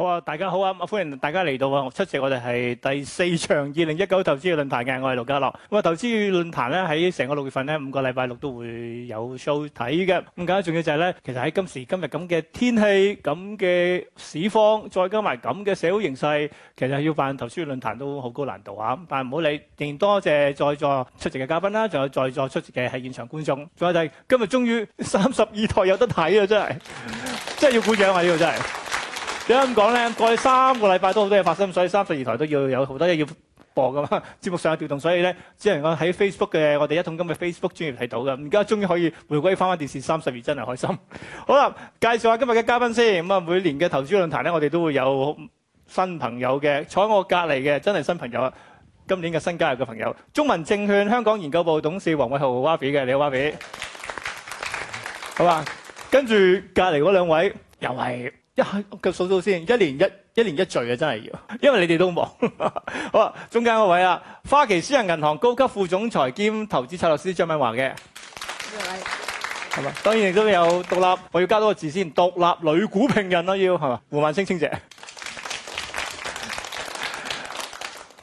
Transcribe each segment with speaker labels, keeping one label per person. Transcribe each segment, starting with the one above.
Speaker 1: 好啊！大家好啊！歡迎大家嚟到啊！出席我哋係第四場二零一九投資月論壇嘅，我係盧家樂。咁啊，投資月論壇咧喺成個六月份咧五個禮拜六都會有 show 睇嘅。咁梗係，仲要就係咧，其實喺今時今日咁嘅天氣、咁嘅市況，再加埋咁嘅社會形勢，其實要辦投資月論壇都好高難度嚇。但係唔好理，仍然多謝在座出席嘅嘉賓啦，仲有在座出席嘅係現場觀眾。仲有就係今日終於三十二台有得睇啊！真係，真係要鼓掌啊！呢個真係。點解咁講咧？過去三個禮拜都好多嘢發生，所以三十二台都要有好多嘢要播噶嘛，節目上有調動，所以咧，只能講喺 Facebook 嘅我哋一桶金嘅 Facebook 專頁睇到嘅。而家終於可以回歸翻翻電視三十二，真係開心。好啦，介紹下今日嘅嘉賓先。咁啊，每年嘅投資論壇咧，我哋都會有新朋友嘅。坐喺我隔離嘅真係新朋友啊，今年嘅新加入嘅朋友，中民證券香港研究部董事黃偉豪 Wavy 嘅，你 Wavy 好嘛？跟住隔離嗰兩位又係。數一，我數數先，一年一一年一聚啊，真係要，因為你哋都忙。 好啊，中間個位啊，花旗私人銀行高級副總裁兼投資策略師張敏華嘅。
Speaker 2: 歡迎你。
Speaker 1: 係嘛，當然亦都有獨立，我要加多個字先，獨立女股評人啦，要係嘛，胡孟青青姐。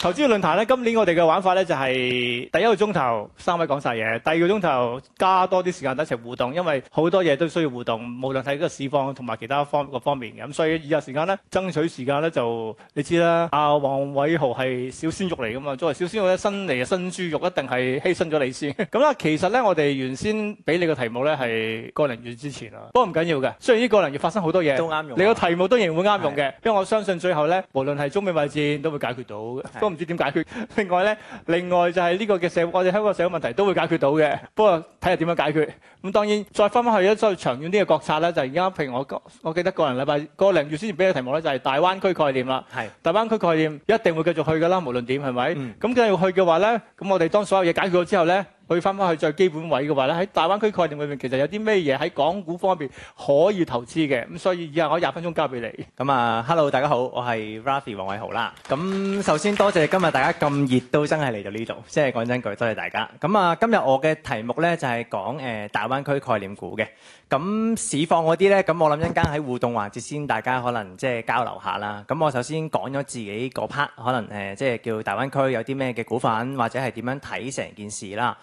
Speaker 1: 投資嘅論壇咧，今年我哋嘅玩法咧就係、是、第一個鐘頭三位講晒嘢，第二個鐘頭加多啲時間等一齊互動，因為好多嘢都需要互動，無論係個市況同埋其他方各方面嘅。咁所以以下時間咧，爭取時間咧就你知啦。阿黃偉豪係小鮮肉嚟㗎嘛，作為小鮮肉咧，新嚟嘅新豬肉一定係犧牲咗你先。咁啦，其實咧我哋原先俾你嘅題目咧係個零月之前啦，不過唔緊要嘅。雖然呢個零月發生好多嘢，都啱用，啊。你個題目都仍然會啱用嘅，因為我相信最後咧，無論係中美貿戰都會解決到。唔知點解決？另外咧，另外就係呢個嘅社會，我哋香港社會問題都會解決到嘅。不過睇下點樣解決。咁當然再翻返去一再長遠啲嘅國策咧，就係而家譬如我我記得個人禮拜個零月先至俾嘅題目咧，就係、係、大灣區概念啦。係大灣區概念一定會繼續去嘅啦，無論點係咪。咁繼續去嘅話咧，咁我哋當所有嘢解決咗之後咧。去翻翻去最基本位嘅話咧，喺大灣區概念裏面，其實有啲咩嘢喺港股方面可以投資
Speaker 3: 嘅。咁所以以後我廿分鐘交俾你。咁啊，Hello 大家好，我係 Rafi 黃偉豪啦。咁首先多謝今日大家咁熱都真係嚟到呢度，即係講真句，多謝大家。咁啊，今日我嘅題目咧就係講誒大灣區概念股嘅。咁市況嗰啲咧，咁我諗一間喺互動環節先，大家可能即係交流下啦。咁我首先講咗自己嗰 part，可能誒即係叫大灣區有啲咩嘅股份或者係點樣睇成件事啦。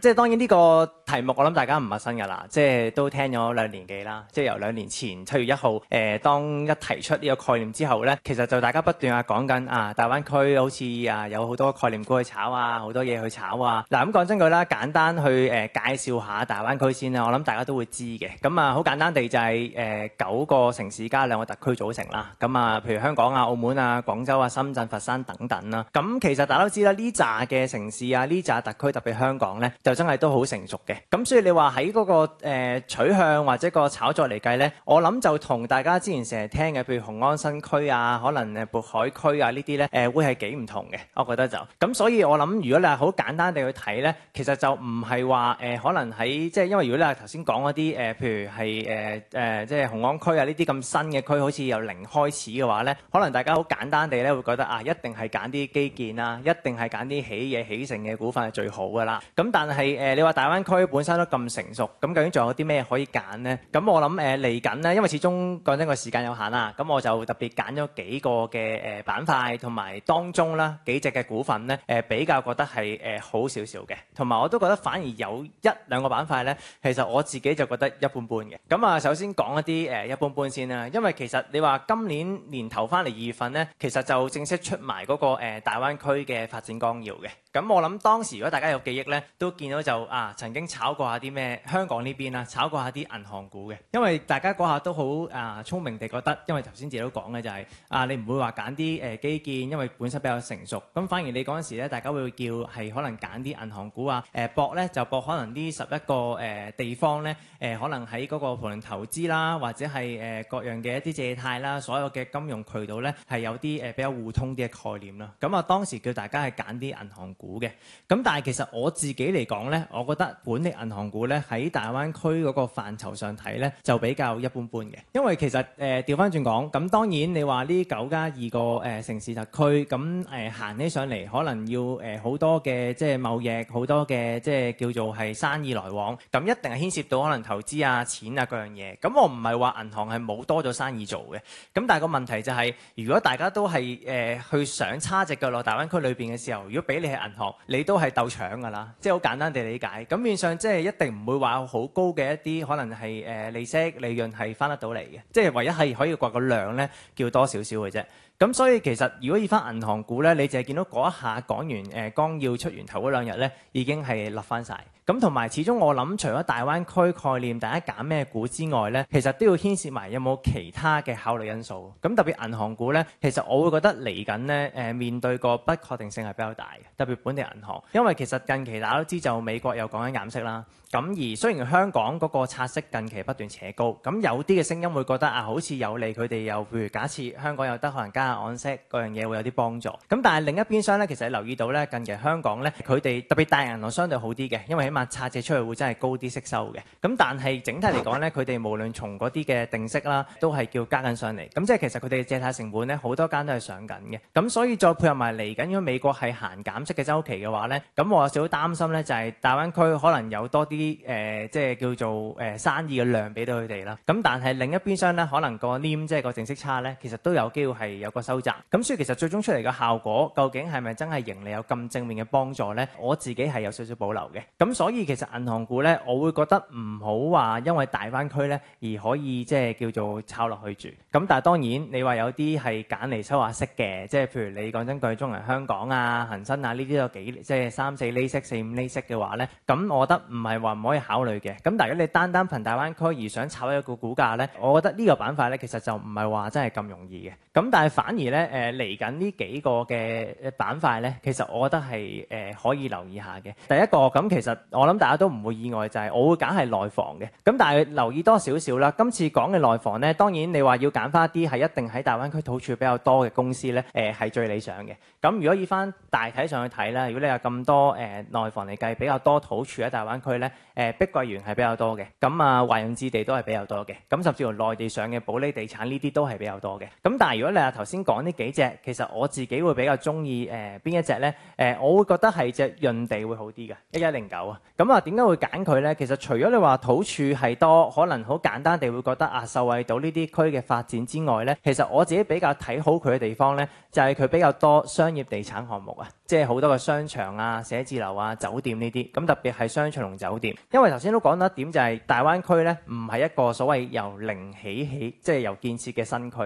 Speaker 3: 即係當然呢個題目，我諗大家唔陌生㗎啦，即係都聽咗兩年幾啦，即係由兩年前七月一號，誒、呃、當一提出呢個概念之後呢，其實就大家不斷啊講緊啊，大灣區好似啊有好多概念股去炒，很去炒啊，好多嘢去炒啊。嗱咁講真句啦，簡單去誒、呃、介紹下大灣區先啦，我諗大家都會知嘅。咁啊，好簡單地就係、是、九、呃、個城市加兩個特區組成啦。咁啊，譬如香港啊、澳門啊、廣州啊、深圳、佛山等等啦。咁其實大家都知啦，呢紮嘅城市啊，呢紮特區特別香港。咧就真係都好成熟嘅，咁所以你話喺嗰個、呃、取向或者個炒作嚟計咧，我諗就同大家之前成日聽嘅，譬如雄安新區啊，可能誒渤海區啊呢啲咧、呃、會係幾唔同嘅，我覺得就咁。所以我諗如果你係好簡單地去睇咧，其實就唔係話誒可能喺即係因為如果你係頭先講嗰啲誒，譬如係誒誒即係雄安區啊呢啲咁新嘅區，好似由零開始嘅話咧，可能大家好簡單地咧會覺得啊，一定係揀啲基建啊，一定係揀啲起嘢起成嘅股份係最好噶啦咁。咁但係誒，你話大灣區本身都咁成熟，咁究竟仲有啲咩可以揀咧？咁我諗誒嚟緊咧，因為始終講真個時間有限啦，咁我就特別揀咗幾個嘅誒板塊，同埋當中啦幾隻嘅股份咧誒比較覺得係誒好少少嘅，同埋我都覺得反而有一兩個板塊咧，其實我自己就覺得一般般嘅。咁啊，首先講一啲誒一般般先啦，因為其實你話今年年頭翻嚟二月份咧，其實就正式出埋嗰個誒大灣區嘅發展綱要嘅。咁我諗當時如果大家有記憶咧，都見到就啊，曾經炒過下啲咩香港呢邊啊炒過下啲銀行股嘅，因為大家嗰下都好啊聰明地覺得，因為頭先自己都講嘅就係啊，你唔會話揀啲誒基建，因為本身比較成熟，咁反而你嗰陣時咧，大家會叫係可能揀啲銀行股啊，誒博咧就博可能呢十一個誒地方咧，誒可能喺嗰個房地投資啦，或者係誒各樣嘅一啲借貸啦，所有嘅金融渠道咧係有啲誒比較互通啲嘅概念啦。咁啊當時叫大家係揀啲銀行股嘅，咁但係其實我自己。幾嚟講咧，我覺得本地銀行股咧喺大灣區嗰個範疇上睇咧，就比較一般般嘅。因為其實誒調翻轉講，咁當然你話呢九加二個誒城市特區，咁誒行起上嚟，可能要誒好多嘅即係貿易，好多嘅即係叫做係生意來往，咁一定係牽涉到可能投資啊、錢啊各樣嘢。咁我唔係話銀行係冇多咗生意做嘅，咁但係個問題就係，如果大家都係誒去想叉隻腳落大灣區裏邊嘅時候，如果俾你係銀行，你都係鬥搶㗎啦，即係。好簡單地理解，咁面上即係一定唔會話好高嘅一啲，可能係誒利息利、利潤係翻得到嚟嘅，即係唯一係可以掘個量咧，叫多少少嘅啫。咁所以其實如果要翻銀行股咧，你就係見到嗰一下講完誒，剛要出完頭嗰兩日咧，已經係立翻曬。咁同埋始終我諗，除咗大灣區概念，大家揀咩股之外咧，其實都要牽涉埋有冇其他嘅考慮因素。咁特別銀行股咧，其實我會覺得嚟緊咧誒，面對個不確定性係比較大嘅，特別本地銀行，因為其實近期大家都知就美國有講緊減息啦。咁而雖然香港嗰個拆息近期不斷扯高，咁有啲嘅聲音會覺得啊，好似有利佢哋，又譬如假設香港有得可能加。按息嗰樣嘢會有啲幫助，咁但係另一邊商咧，其實留意到咧，近期香港咧，佢哋特別大銀行相對好啲嘅，因為起碼拆借出去會真係高啲息收嘅。咁但係整體嚟講咧，佢哋無論從嗰啲嘅定息啦，都係叫加緊上嚟。咁即係其實佢哋嘅借貸成本咧，好多間都係上緊嘅。咁所以再配合埋嚟緊，如果美國係行減息嘅週期嘅話咧，咁我有少少擔心咧，就係大灣區可能有多啲誒，即係叫做誒生意嘅量俾到佢哋啦。咁但係另一邊商咧，可能個淨即係個淨息差咧，其實都有機會係有個收窄，咁所以其實最終出嚟個效果究竟係咪真係盈利有咁正面嘅幫助呢？我自己係有少少保留嘅，咁所以其實銀行股呢，我會覺得唔好話因為大灣區呢而可以即係叫做炒落去住。咁但係當然你話有啲係揀嚟收下息嘅，即係譬如你講真句，中銀香港啊、恒生啊呢啲都幾即係三四厘息、四五厘息嘅話呢，咁我覺得唔係話唔可以考慮嘅。咁但係如果你單單憑大灣區而想炒一個股價呢，我覺得呢個板塊呢其實就唔係話真係咁容易嘅。咁但係反。反而咧，誒嚟緊呢幾個嘅板塊咧，其實我覺得係誒可以留意下嘅。第一個咁，其實我諗大家都唔會意外，就係我會揀係內房嘅。咁但係留意多少少啦，今次講嘅內房咧，當然你話要揀翻一啲係一定喺大灣區土儲比較多嘅公司咧，誒係最理想嘅。咁如果以翻大體上去睇啦，如果你有咁多誒內房嚟計，比較多土儲喺大灣區咧，誒碧桂園係比較多嘅，咁啊華潤置地都係比較多嘅，咁甚至乎內地上嘅保利地產呢啲都係比較多嘅。咁但係如果你話頭先。先講呢幾隻，其實我自己會比較中意誒邊一隻呢？誒、呃，我會覺得係隻潤地會好啲嘅，一一零九啊。咁啊，點解會揀佢呢？其實除咗你話土儲係多，可能好簡單地會覺得啊，受惠到呢啲區嘅發展之外呢，其實我自己比較睇好佢嘅地方呢，就係、是、佢比較多商業地產項目啊，即係好多個商場啊、寫字樓啊、酒店呢啲。咁特別係商場同酒店，因為頭先都講得一點就係、是、大灣區呢，唔係一個所謂由零起起，即、就、係、是、由建設嘅新區。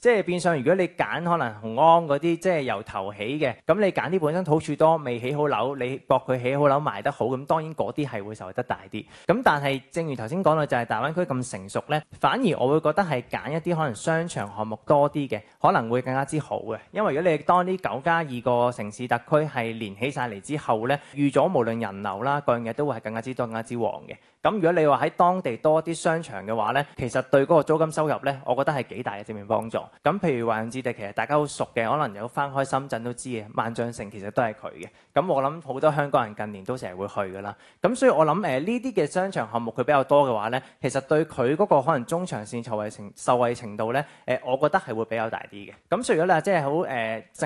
Speaker 3: 即係變相，如果你揀可能紅安嗰啲，即係由頭起嘅，咁你揀啲本身土儲多、未起好樓，你搏佢起好樓賣得好，咁當然嗰啲係會受得大啲。咁但係正如頭先講到，就係大灣區咁成熟呢，反而我會覺得係揀一啲可能商場項目多啲嘅，可能會更加之好嘅。因為如果你當呢九加二個城市特區係連起晒嚟之後呢，預咗無論人流啦，各樣嘢都會係更加之多、更加之旺嘅。咁如果你話喺當地多啲商場嘅話呢，其實對嗰個租金收入呢，我覺得係幾大嘅正面幫助。咁譬如話華潤置地其實大家好熟嘅，可能有翻開深圳都知嘅，萬象城其實都係佢嘅。咁我諗好多香港人近年都成日會去㗎啦。咁所以我諗誒呢啲嘅商場項目佢比較多嘅話咧，其實對佢嗰個可能中長線受惠程受惠程度咧，誒、呃、我覺得係會比較大啲嘅。咁除咗咧，即係好誒，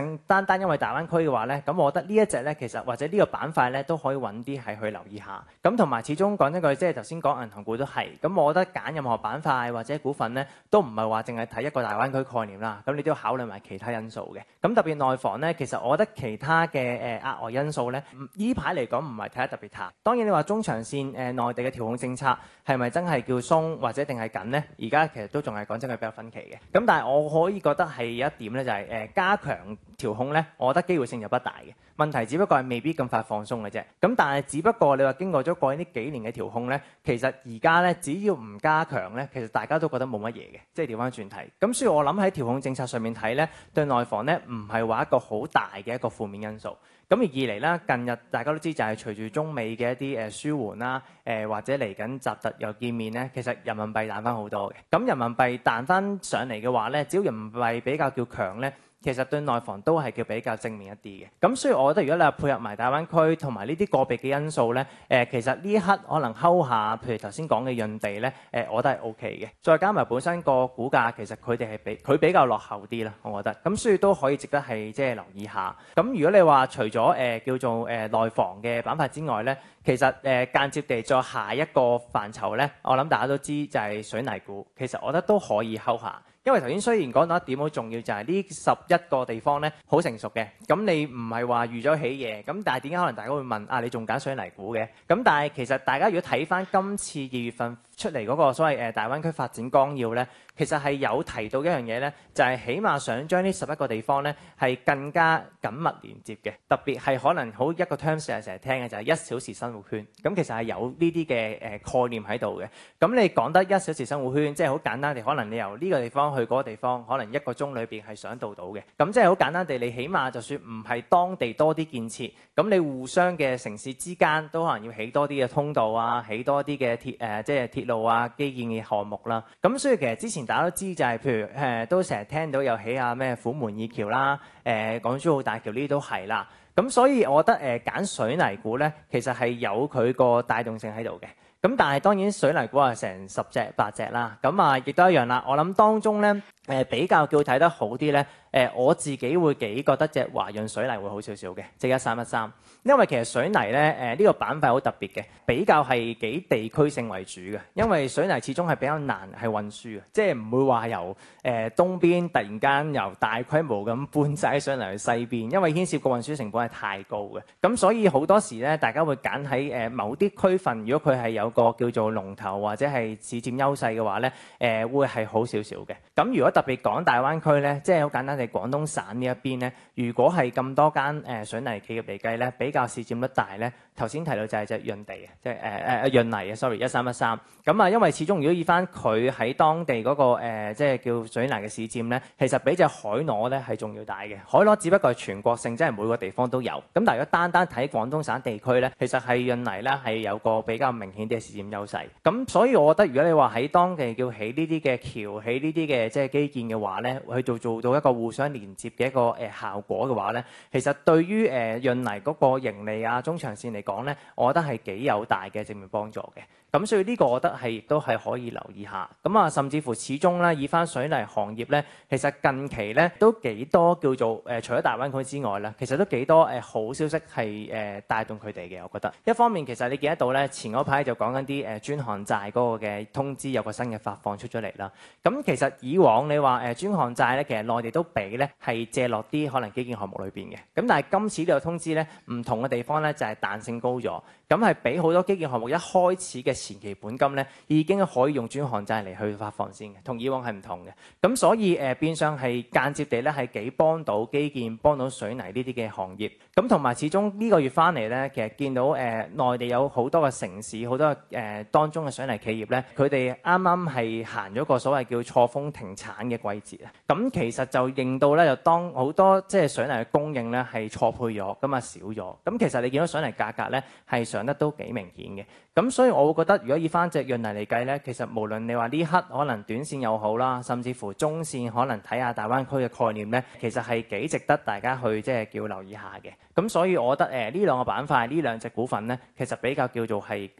Speaker 3: 淨、呃、單單因為大灣區嘅話咧，咁我覺得呢一隻咧，其實或者呢個板塊咧都可以揾啲係去留意一下。咁同埋始終講一句，即係頭先講銀行股都係。咁我覺得揀任何板塊或者股份咧，都唔係話淨係睇一個大灣區,區。概念啦，咁你都要考慮埋其他因素嘅。咁特別內房咧，其實我覺得其他嘅誒額外因素咧，依排嚟講唔係睇得特別淡。當然你話中長線誒內、呃、地嘅調控政策係咪真係叫鬆或者定係緊咧？而家其實都仲係講真係比較分歧嘅。咁但係我可以覺得係有一點咧，就係、是呃、加強調控咧，我覺得機會性就不大嘅。問題只不過係未必咁快放鬆嘅啫。咁但係只不過你話經過咗過去呢幾年嘅調控咧，其實而家咧只要唔加強咧，其實大家都覺得冇乜嘢嘅。即係調翻轉題。咁所以我諗。喺調控政策上面睇咧，對內房咧唔係話一個好大嘅一個負面因素。咁而二嚟咧，近日大家都知就係隨住中美嘅一啲誒舒緩啦，誒或者嚟緊習特又見面咧，其實人民幣彈翻好多嘅。咁人民幣彈翻上嚟嘅話咧，只要人民幣比較叫強咧。其實對內房都係叫比較正面一啲嘅，咁所以我覺得如果你話配合埋大灣區同埋呢啲個別嘅因素咧，誒、呃、其實呢一刻可能溝下，譬如頭先講嘅潤地咧，誒、呃、我覺得係 O K 嘅。再加埋本身個股價，其實佢哋係比佢比較落後啲啦，我覺得，咁所以都可以值得係即係留意一下。咁如果你話除咗誒、呃、叫做誒內、呃、房嘅板塊之外咧，其實誒間、呃、接地再下一個範疇咧，我諗大家都知道就係水泥股，其實我覺得都可以溝下。因為頭先雖然講到一點好重要，就係呢十一個地方呢好成熟嘅，咁你唔係話預咗起嘢，咁但係點解可能大家會問啊？你仲揀水泥股嘅？咁但係其實大家如果睇返今次二月份。出嚟嗰個所謂誒大灣區發展綱要咧，其實係有提到的一樣嘢咧，就係、是、起碼想將呢十一個地方咧係更加緊密連接嘅，特別係可能好一個 term 成日聽嘅就係、是、一小時生活圈，咁其實係有呢啲嘅誒概念喺度嘅。咁你講得一小時生活圈，即係好簡單地，可能你由呢個地方去嗰個地方，可能一個鐘裏邊係想到到嘅。咁即係好簡單地，你起碼就算唔係當地多啲建設，咁你互相嘅城市之間都可能要起多啲嘅通道啊，起多啲嘅鐵誒，即係鐵路。度啊，基建嘅項目啦，咁所以其實之前大家都知、就是，就係譬如誒、呃、都成日聽到有起下咩虎門二橋啦，誒、呃、港珠澳大橋呢啲都係啦，咁所以我覺得誒揀、呃、水泥股咧，其實係有佢個帶動性喺度嘅，咁但係當然水泥股啊成十隻八隻啦，咁啊亦都一樣啦，我諗當中咧。誒比較叫睇得好啲咧，誒我自己會幾覺得隻華潤水泥會好少少嘅，即係一三一三。因為其實水泥咧，誒呢個板塊好特別嘅，比較係幾地區性為主嘅。因為水泥始終係比較難係運輸嘅，即係唔會話由誒東邊突然間由大規模咁搬晒上嚟去西邊，因為牽涉個運輸成本係太高嘅。咁所以好多時咧，大家會揀喺誒某啲區份，如果佢係有個叫做龍頭或者係市佔優勢嘅話咧，誒會係好少少嘅。咁如果特別講大灣區咧，即係好簡單，係廣東省呢一邊咧。如果係咁多間、呃、水泥企業嚟計咧，比較市佔率大咧，頭先提到就係隻潤地，即係誒誒潤泥啊，sorry，一三一三。咁啊，因為始終如果以翻佢喺當地嗰、那個、呃、即係叫水泥嘅市佔咧，其實比隻海螺咧係仲要大嘅。海螺只不過係全國性，即係每個地方都有。咁但係如果單單睇廣東省地區咧，其實係潤泥呢係有個比較明顯啲嘅市佔優勢。咁所以我覺得，如果你話喺當地叫起呢啲嘅橋，起呢啲嘅即係基建嘅話咧，去做做到一個互相連接嘅一個誒效果嘅話咧，其實對於誒潤泥嗰個盈利啊、中長線嚟講咧，我覺得係幾有大嘅正面幫助嘅。咁所以呢個我覺得係亦都係可以留意下。咁啊，甚至乎始終啦，以翻水泥行業咧，其實近期咧都幾多叫做誒、呃，除咗大灣區之外咧，其實都幾多誒、呃、好消息係誒帶動佢哋嘅。我覺得一方面其實你見得到咧，前嗰排就講緊啲誒專項債嗰個嘅通知有個新嘅發放出咗嚟啦。咁其實以往你話誒專項債咧，其實內地都俾咧係借落啲可能基建項目裏邊嘅。咁但係今次呢個通知咧，唔同嘅地方咧就係、是、彈性高咗，咁係俾好多基建項目一開始嘅。前期本金咧已經可以用專項債嚟去發放先嘅，同以往係唔同嘅。咁所以誒、呃，變相係間接地咧係幾幫到基建、幫到水泥呢啲嘅行業。咁同埋始終呢個月翻嚟咧，其實見到誒、呃、內地有好多個城市、好多誒、呃、當中嘅水泥企業咧，佢哋啱啱係行咗個所謂叫錯峰停產嘅季節。咁其實就認到咧，就當好多即係水泥嘅供應咧係錯配咗，咁啊少咗。咁其實你見到水泥價格咧係上得都幾明顯嘅。咁所以我會覺得，如果以返隻潤泥嚟計呢，其實無論你話呢刻可能短線又好啦，甚至乎中線可能睇下大灣區嘅概念呢，其實係幾值得大家去即係叫留意一下嘅。咁所以我覺得呃、呢兩個板塊呢兩隻股份呢，其實比較叫做係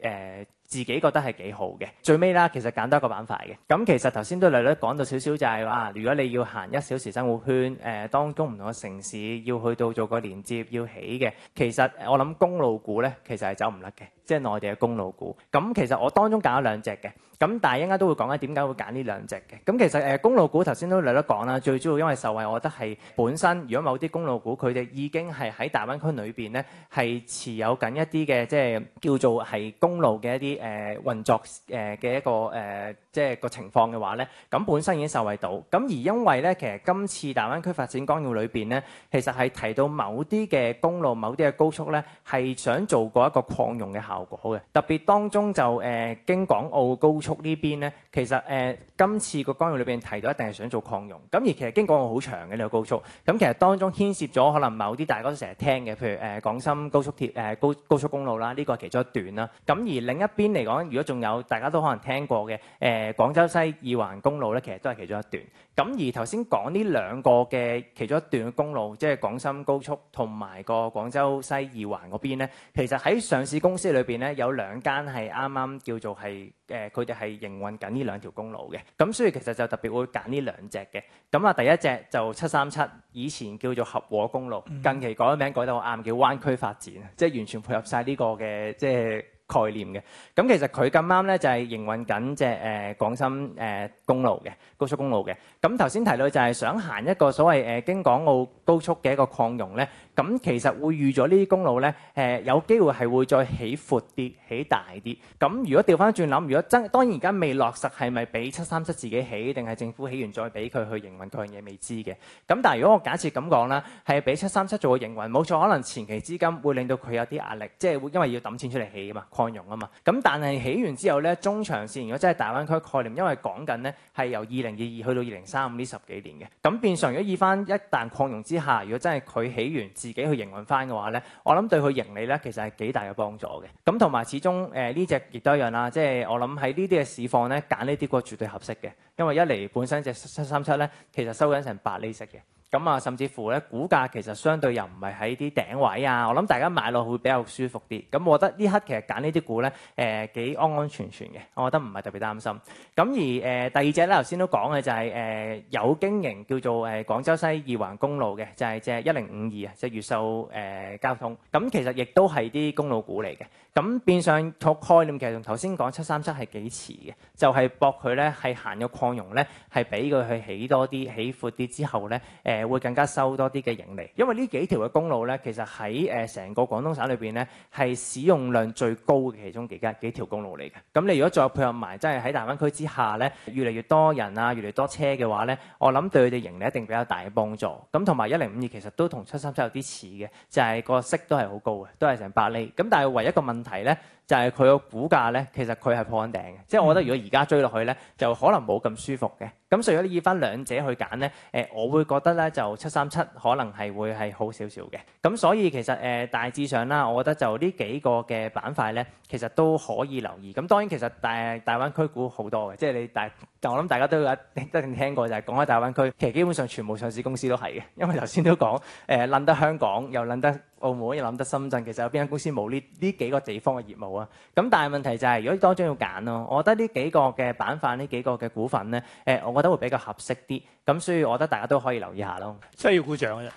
Speaker 3: 自己覺得係幾好嘅，最尾啦，其實揀多一個板塊嘅，咁其實頭先都略略講到少少，就係話如果你要行一小時生活圈，誒當中唔同嘅城市要去到做個連接，要起嘅，其實我諗公路股咧其實係走唔甩嘅，即係內地嘅公路股，咁其實我當中揀咗兩隻嘅。咁但係應該都會講緊點解會揀呢兩隻嘅，咁其實公路股頭先都略得講啦，最主要因為受惠，我覺得係本身如果某啲公路股佢哋已經係喺大灣區裏面咧，係持有緊一啲嘅即係叫做係公路嘅一啲誒、呃、運作嘅一個誒。呃即係個情況嘅話咧，咁本身已經受惠到。咁而因為咧，其實今次大灣區發展綱要裏邊咧，其實係提到某啲嘅公路、某啲嘅高速咧，係想做過一個擴容嘅效果嘅。特別當中就誒京港澳高速呢邊咧，其實誒今次個綱要裏邊提到一定係想做擴容。咁而其實京港澳好長嘅呢個高速，咁其實當中牽涉咗可能某啲大家都成日聽嘅，譬如誒廣深高速鐵誒高高速公路啦，呢個係其中一段啦。咁而另一邊嚟講，如果仲有大家都可能聽過嘅誒。誒廣州西二環公路咧，其實都係其中一段。咁而頭先講呢兩個嘅其中一段嘅公路，即係廣深高速同埋個廣州西二環嗰邊咧，其實喺上市公司裏邊咧，有兩間係啱啱叫做係誒，佢哋係營運緊呢兩條公路嘅。咁所以其實就特別會揀呢兩隻嘅。咁啊，第一隻就七三七，以前叫做合和公路，近期改咗名改到好啱，叫灣區發展，即係完全配合曬呢個嘅，即係。概念嘅，咁其實佢咁啱咧就係營運緊即係誒廣深誒公路嘅高速公路嘅，咁頭先提到就係想行一個所謂誒京港澳高速嘅一個擴容咧，咁其實會預咗呢啲公路咧誒有機會係會再起闊啲、起大啲。咁如果調翻轉諗，如果真當然而家未落實係咪俾七三七自己起，定係政府起完再俾佢去營運各樣嘢未知嘅。咁但係如果我假設咁講啦，係俾七三七做個營運，冇錯，可能前期資金會令到佢有啲壓力，即係會因為要揼錢出嚟起啊嘛。擴容啊嘛，咁但係起完之後咧，中長線如果真係大灣區概念，因為講緊咧係由二零二二去到二零三五呢十幾年嘅，咁變相如果以翻一旦擴容之下，如果真係佢起完自己去營運翻嘅話咧，我諗對佢盈利咧其實係幾大嘅幫助嘅。咁同埋始終誒呢隻亦都一樣啦，即係我諗喺呢啲嘅市況咧揀呢啲股絕對合適嘅，因為一嚟本身隻七三七咧其實收緊成八厘息嘅。咁啊，甚至乎咧，股價其實相對又唔係喺啲頂位啊，我諗大家買落會比較舒服啲。咁我覺得呢刻其實揀呢啲股咧，誒幾安安全全嘅，我覺得唔係特別擔心。咁而誒第二隻咧，頭先都講嘅就係誒有經營叫做誒廣州西二環公路嘅，就係隻一零五二啊，即係越秀誒交通。咁其實亦都係啲公路股嚟嘅。咁變相做概念嘅，其實同頭先講七三七係幾遲嘅，就係博佢咧係行咗擴容咧，係俾佢去起多啲、起闊啲之後咧，誒，會更加收多啲嘅盈利，因為呢幾條嘅公路咧，其實喺誒成個廣東省裏邊咧，係使用量最高嘅其中幾間幾條公路嚟嘅。咁你如果再配合埋，真係喺大灣區之下咧，越嚟越多人啊，越嚟越多車嘅話咧，我諗對佢哋盈利一定比較大嘅幫助。咁同埋一零五二其實都同七三七有啲似嘅，就係個息都係好高嘅，都係成百厘。咁但係唯一一個問題咧。就係佢個股價咧，其實佢係破緊頂嘅，即係我覺得如果而家追落去咧，就可能冇咁舒服嘅。咁所以如果你要翻兩者去揀咧，誒，我會覺得咧就七三七可能係會係好少少嘅。咁所以其實誒大致上啦，我覺得就呢幾個嘅板塊咧，其實都可以留意。咁當然其實大大灣區股好多嘅，即係你大，但係我諗大家都一定聽過就係講開大灣區，其實基本上全部上市公司都係嘅，因為頭先都講誒撚得香港又撚得，澳門又諗得深圳，其實有邊間公司冇呢呢幾個地方嘅業務啊？咁但係問題就係，如果當中要揀咯，我覺得呢幾個嘅板塊、呢幾個嘅股份咧，誒，我覺得會比較合適啲。咁所以，我覺得大家都可以留意下咯。真係要鼓掌啊！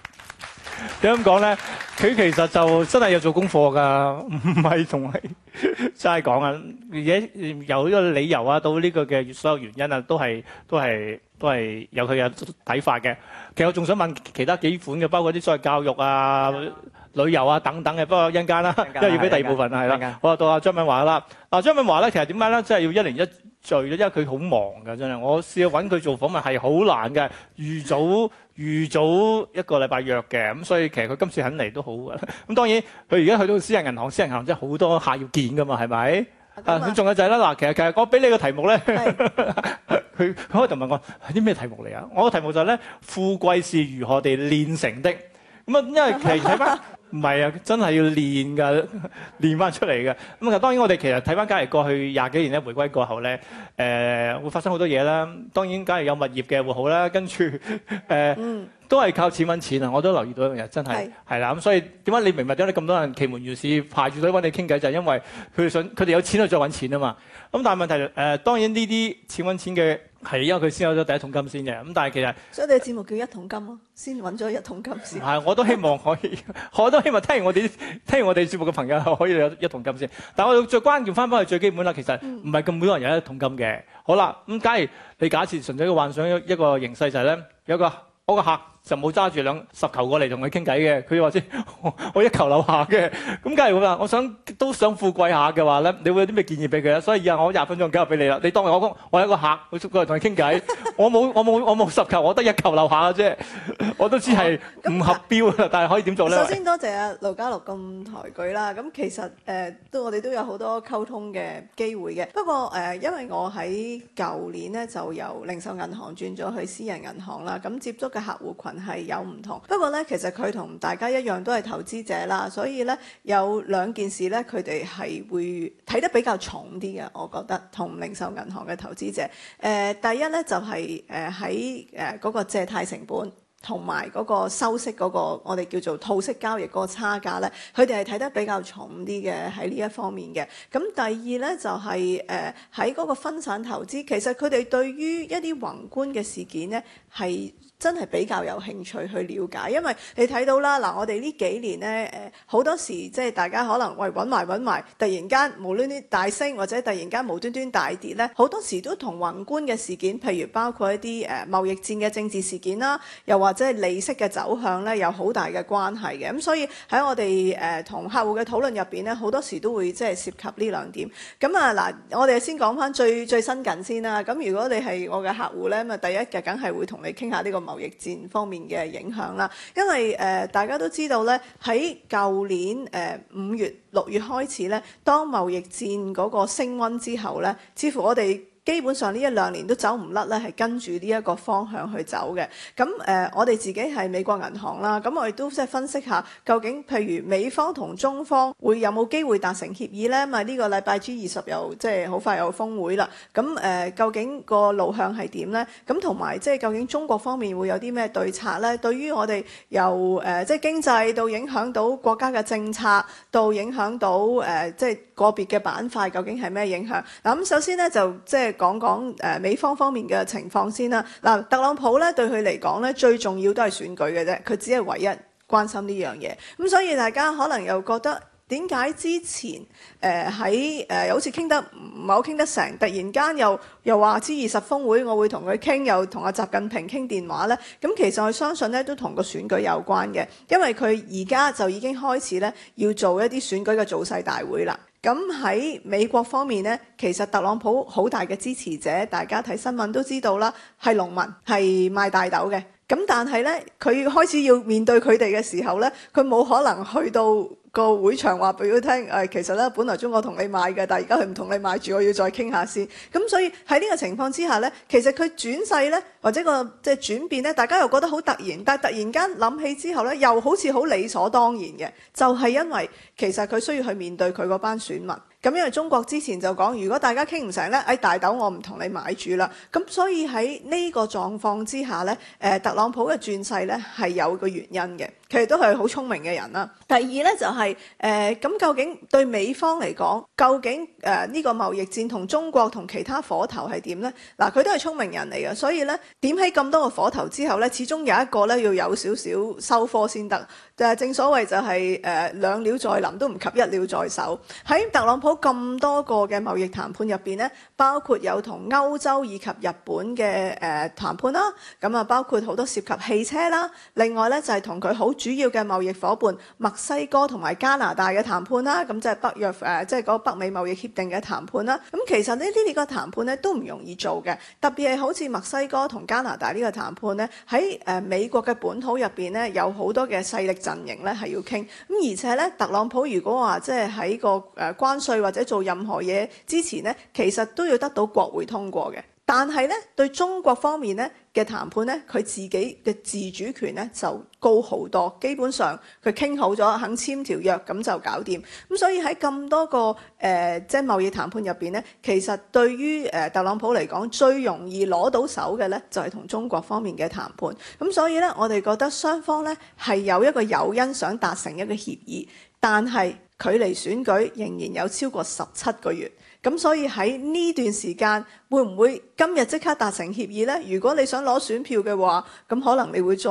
Speaker 3: 你咁講咧，
Speaker 1: 佢其實就真係要做功課㗎，唔係仲係齋講啊！而且由呢個理由啊，到呢個嘅所有原因啊，都係都係都係有佢嘅睇法嘅。其實我仲想問其他幾款嘅，包括啲所謂教育啊。旅遊啊，等等嘅，不過一陣間啦，因為要俾第二部分係啦。好，到阿張敏華啦，阿張敏華咧，其實點解咧，即係要一年一聚咧？因為佢好忙㗎。真係。我試過揾佢做訪問係好難嘅，預早預 早一個禮拜約嘅，咁所以其實佢今次肯嚟都好㗎。咁 當然佢而家去到私人銀行，私人銀行即係好多客要見噶嘛，係咪？啊，咁仲有就係啦嗱，其實其實我俾你個題目咧，佢佢開頭問我係啲咩題目嚟啊？我個題目就係、是、咧，富貴是如何地煉成的。咁啊，因為其實睇翻，唔係啊，真係要練噶，練翻出嚟嘅。咁啊，當然我哋其實睇翻，隔離過去廿幾年咧，回歸過後咧，誒、呃、會發生好多嘢啦。當然，梗係有物業嘅會好啦。跟住誒，都係靠錢揾錢啊！我都留意到一樣嘢，真係係啦。咁所以點解你明白咗？你咁多人期門如市排住隊揾你傾偈，就係、是、因為佢哋想佢哋有錢去再揾錢啊嘛。咁但係問題誒、呃，當然呢啲錢揾錢嘅。係，因為佢先有咗第一桶金先嘅，咁但係其實，
Speaker 2: 所以你嘅節目叫一桶金咯，先揾咗一桶
Speaker 1: 金先。我都希望可以， 我都希望聽完我哋聽完我哋節目嘅朋友可以有一桶金先。但係我最關鍵翻返去最基本啦，其實唔係咁多人有一桶金嘅。好啦，咁假如你假設純粹嘅幻想一個形勢就係、是、咧，有個我個客。就冇揸住兩十球過嚟同佢傾偈嘅，佢話先我一球留下嘅，咁梗係啦我想都想富貴下嘅話咧，你會有啲咩建議俾佢咧？所以以後我廿分鐘交俾你啦，你當我我一個客，過嚟同佢傾偈，我冇 我冇我冇十球，我得一球留下嘅啫，我都知係唔合標， 哦、那 但係可以點做咧？首先
Speaker 2: 多謝阿盧嘉樂咁抬舉啦，咁其實誒都、呃、我哋都有好多溝通嘅機會嘅，不過誒、呃、因為我喺舊年咧就由零售銀行轉咗去私人銀行啦，咁接觸嘅客戶群。係有唔同，不過咧，其實佢同大家一樣都係投資者啦，所以咧有兩件事咧，佢哋係會睇得比較重啲嘅，我覺得同零售銀行嘅投資者，誒、呃、第一咧就係誒喺誒嗰個借貸成本。同埋嗰個收息嗰個，我哋叫做套息交易嗰個差價咧，佢哋係睇得比較重啲嘅喺呢一方面嘅。咁第二咧就係誒喺嗰個分散投資，其實佢哋對於一啲宏觀嘅事件咧係真係比較有興趣去了解，因為你睇到啦，嗱我哋呢幾年咧誒好多時即係大家可能喂揾埋揾埋，突然間無端端大升或者突然間無端端大跌咧，好多時都同宏觀嘅事件，譬如包括一啲誒貿易戰嘅政治事件啦，又或者即係利息嘅走向咧，有好大嘅關係嘅，咁所以喺我哋誒同客戶嘅討論入邊咧，好多時都會即係涉及呢兩點。咁啊嗱，我哋先講翻最最新近先啦。咁如果你係我嘅客戶咧，咁啊第一日梗係會同你傾下呢個貿易戰方面嘅影響啦。因為誒大家都知道咧，喺舊年誒五月六月開始咧，當貿易戰嗰個升溫之後咧，似乎我哋基本上呢一兩年都走唔甩咧，係跟住呢一個方向去走嘅。咁誒、呃，我哋自己係美國銀行啦。咁我哋都即係分析下，究竟譬如美方同中方會有冇機會達成協議呢？咁、這、啊、個，呢個禮拜 G 二十又即係好快又峰會啦。咁誒、呃，究竟個路向係點呢？咁同埋即係究竟中國方面會有啲咩對策呢？對於我哋由誒、呃、即係經濟到影響到國家嘅政策，到影響到誒、呃、即係個別嘅板塊，究竟係咩影響？嗱咁首先呢，就即係。講講誒美方方面嘅情況先啦。嗱，特朗普咧對佢嚟講咧，最重要都係選舉嘅啫，佢只係唯一關心呢樣嘢。咁所以大家可能又覺得點解之前誒喺誒好似傾得唔係好傾得成，突然間又又話 G20 峰會，我會同佢傾，又同阿習近平傾電話咧。咁其實我相信咧都同個選舉有關嘅，因為佢而家就已經開始咧要做一啲選舉嘅造勢大會啦。咁喺美國方面呢，其實特朗普好大嘅支持者，大家睇新聞都知道啦，係農民，係賣大豆嘅。咁但係呢，佢開始要面對佢哋嘅時候呢，佢冇可能去到個會場話俾佢聽，誒其實咧本來中國同你買嘅，但係而家佢唔同你買住，我要再傾下先。咁所以喺呢個情況之下咧，其實佢轉勢咧，或者個即係轉變咧，大家又覺得好突然，但係突然間諗起之後咧，又好似好理所當然嘅，就係因為其實佢需要去面對佢嗰班選民。咁因為中國之前就講，如果大家傾唔成咧，誒、哎、大豆我唔同你買住啦。咁所以喺呢個狀況之下咧，誒特朗普嘅轉勢咧係有個原因嘅。佢哋都係好聰明嘅人啦。第二咧就係誒咁究竟對美方嚟講究竟誒呢、呃這個貿易戰同中國同其他火頭係點咧？嗱、呃，佢都係聰明人嚟嘅，所以咧點起咁多個火頭之後咧，始終有一個咧要有少少收科先得。就係正所謂就係、是、誒、呃、兩鳥在林都唔及一鳥在手。喺特朗普。咁多個嘅貿易談判入邊咧，包括有同歐洲以及日本嘅誒談判啦，咁啊包括好多涉及汽車啦，另外咧就係同佢好主要嘅貿易伙伴墨西哥同埋加拿大嘅談判啦，咁即係北約誒，即係嗰個北美貿易協定嘅談判啦。咁其實呢啲個談判咧都唔容易做嘅，特別係好似墨西哥同加拿大呢個談判咧，喺誒美國嘅本土入邊咧有好多嘅勢力陣營咧係要傾，咁而且咧特朗普如果話即係喺個誒關稅。或者做任何嘢之前咧，其實都要得到國會通過嘅，但係咧，對中國方面咧，嘅談判咧，佢自己嘅自主權咧就高好多。基本上佢傾好咗，肯簽條約咁就搞掂。咁所以喺咁多個即係貿易談判入面咧，其實對於特朗普嚟講，最容易攞到手嘅咧就係同中國方面嘅談判。咁所以咧，我哋覺得雙方咧係有一個誘因想達成一個協議，但係距離選舉仍然有超過十七個月。咁所以喺呢段時間會唔會今日即刻達成協議呢？如果你想，攞選票嘅話，咁可能你會再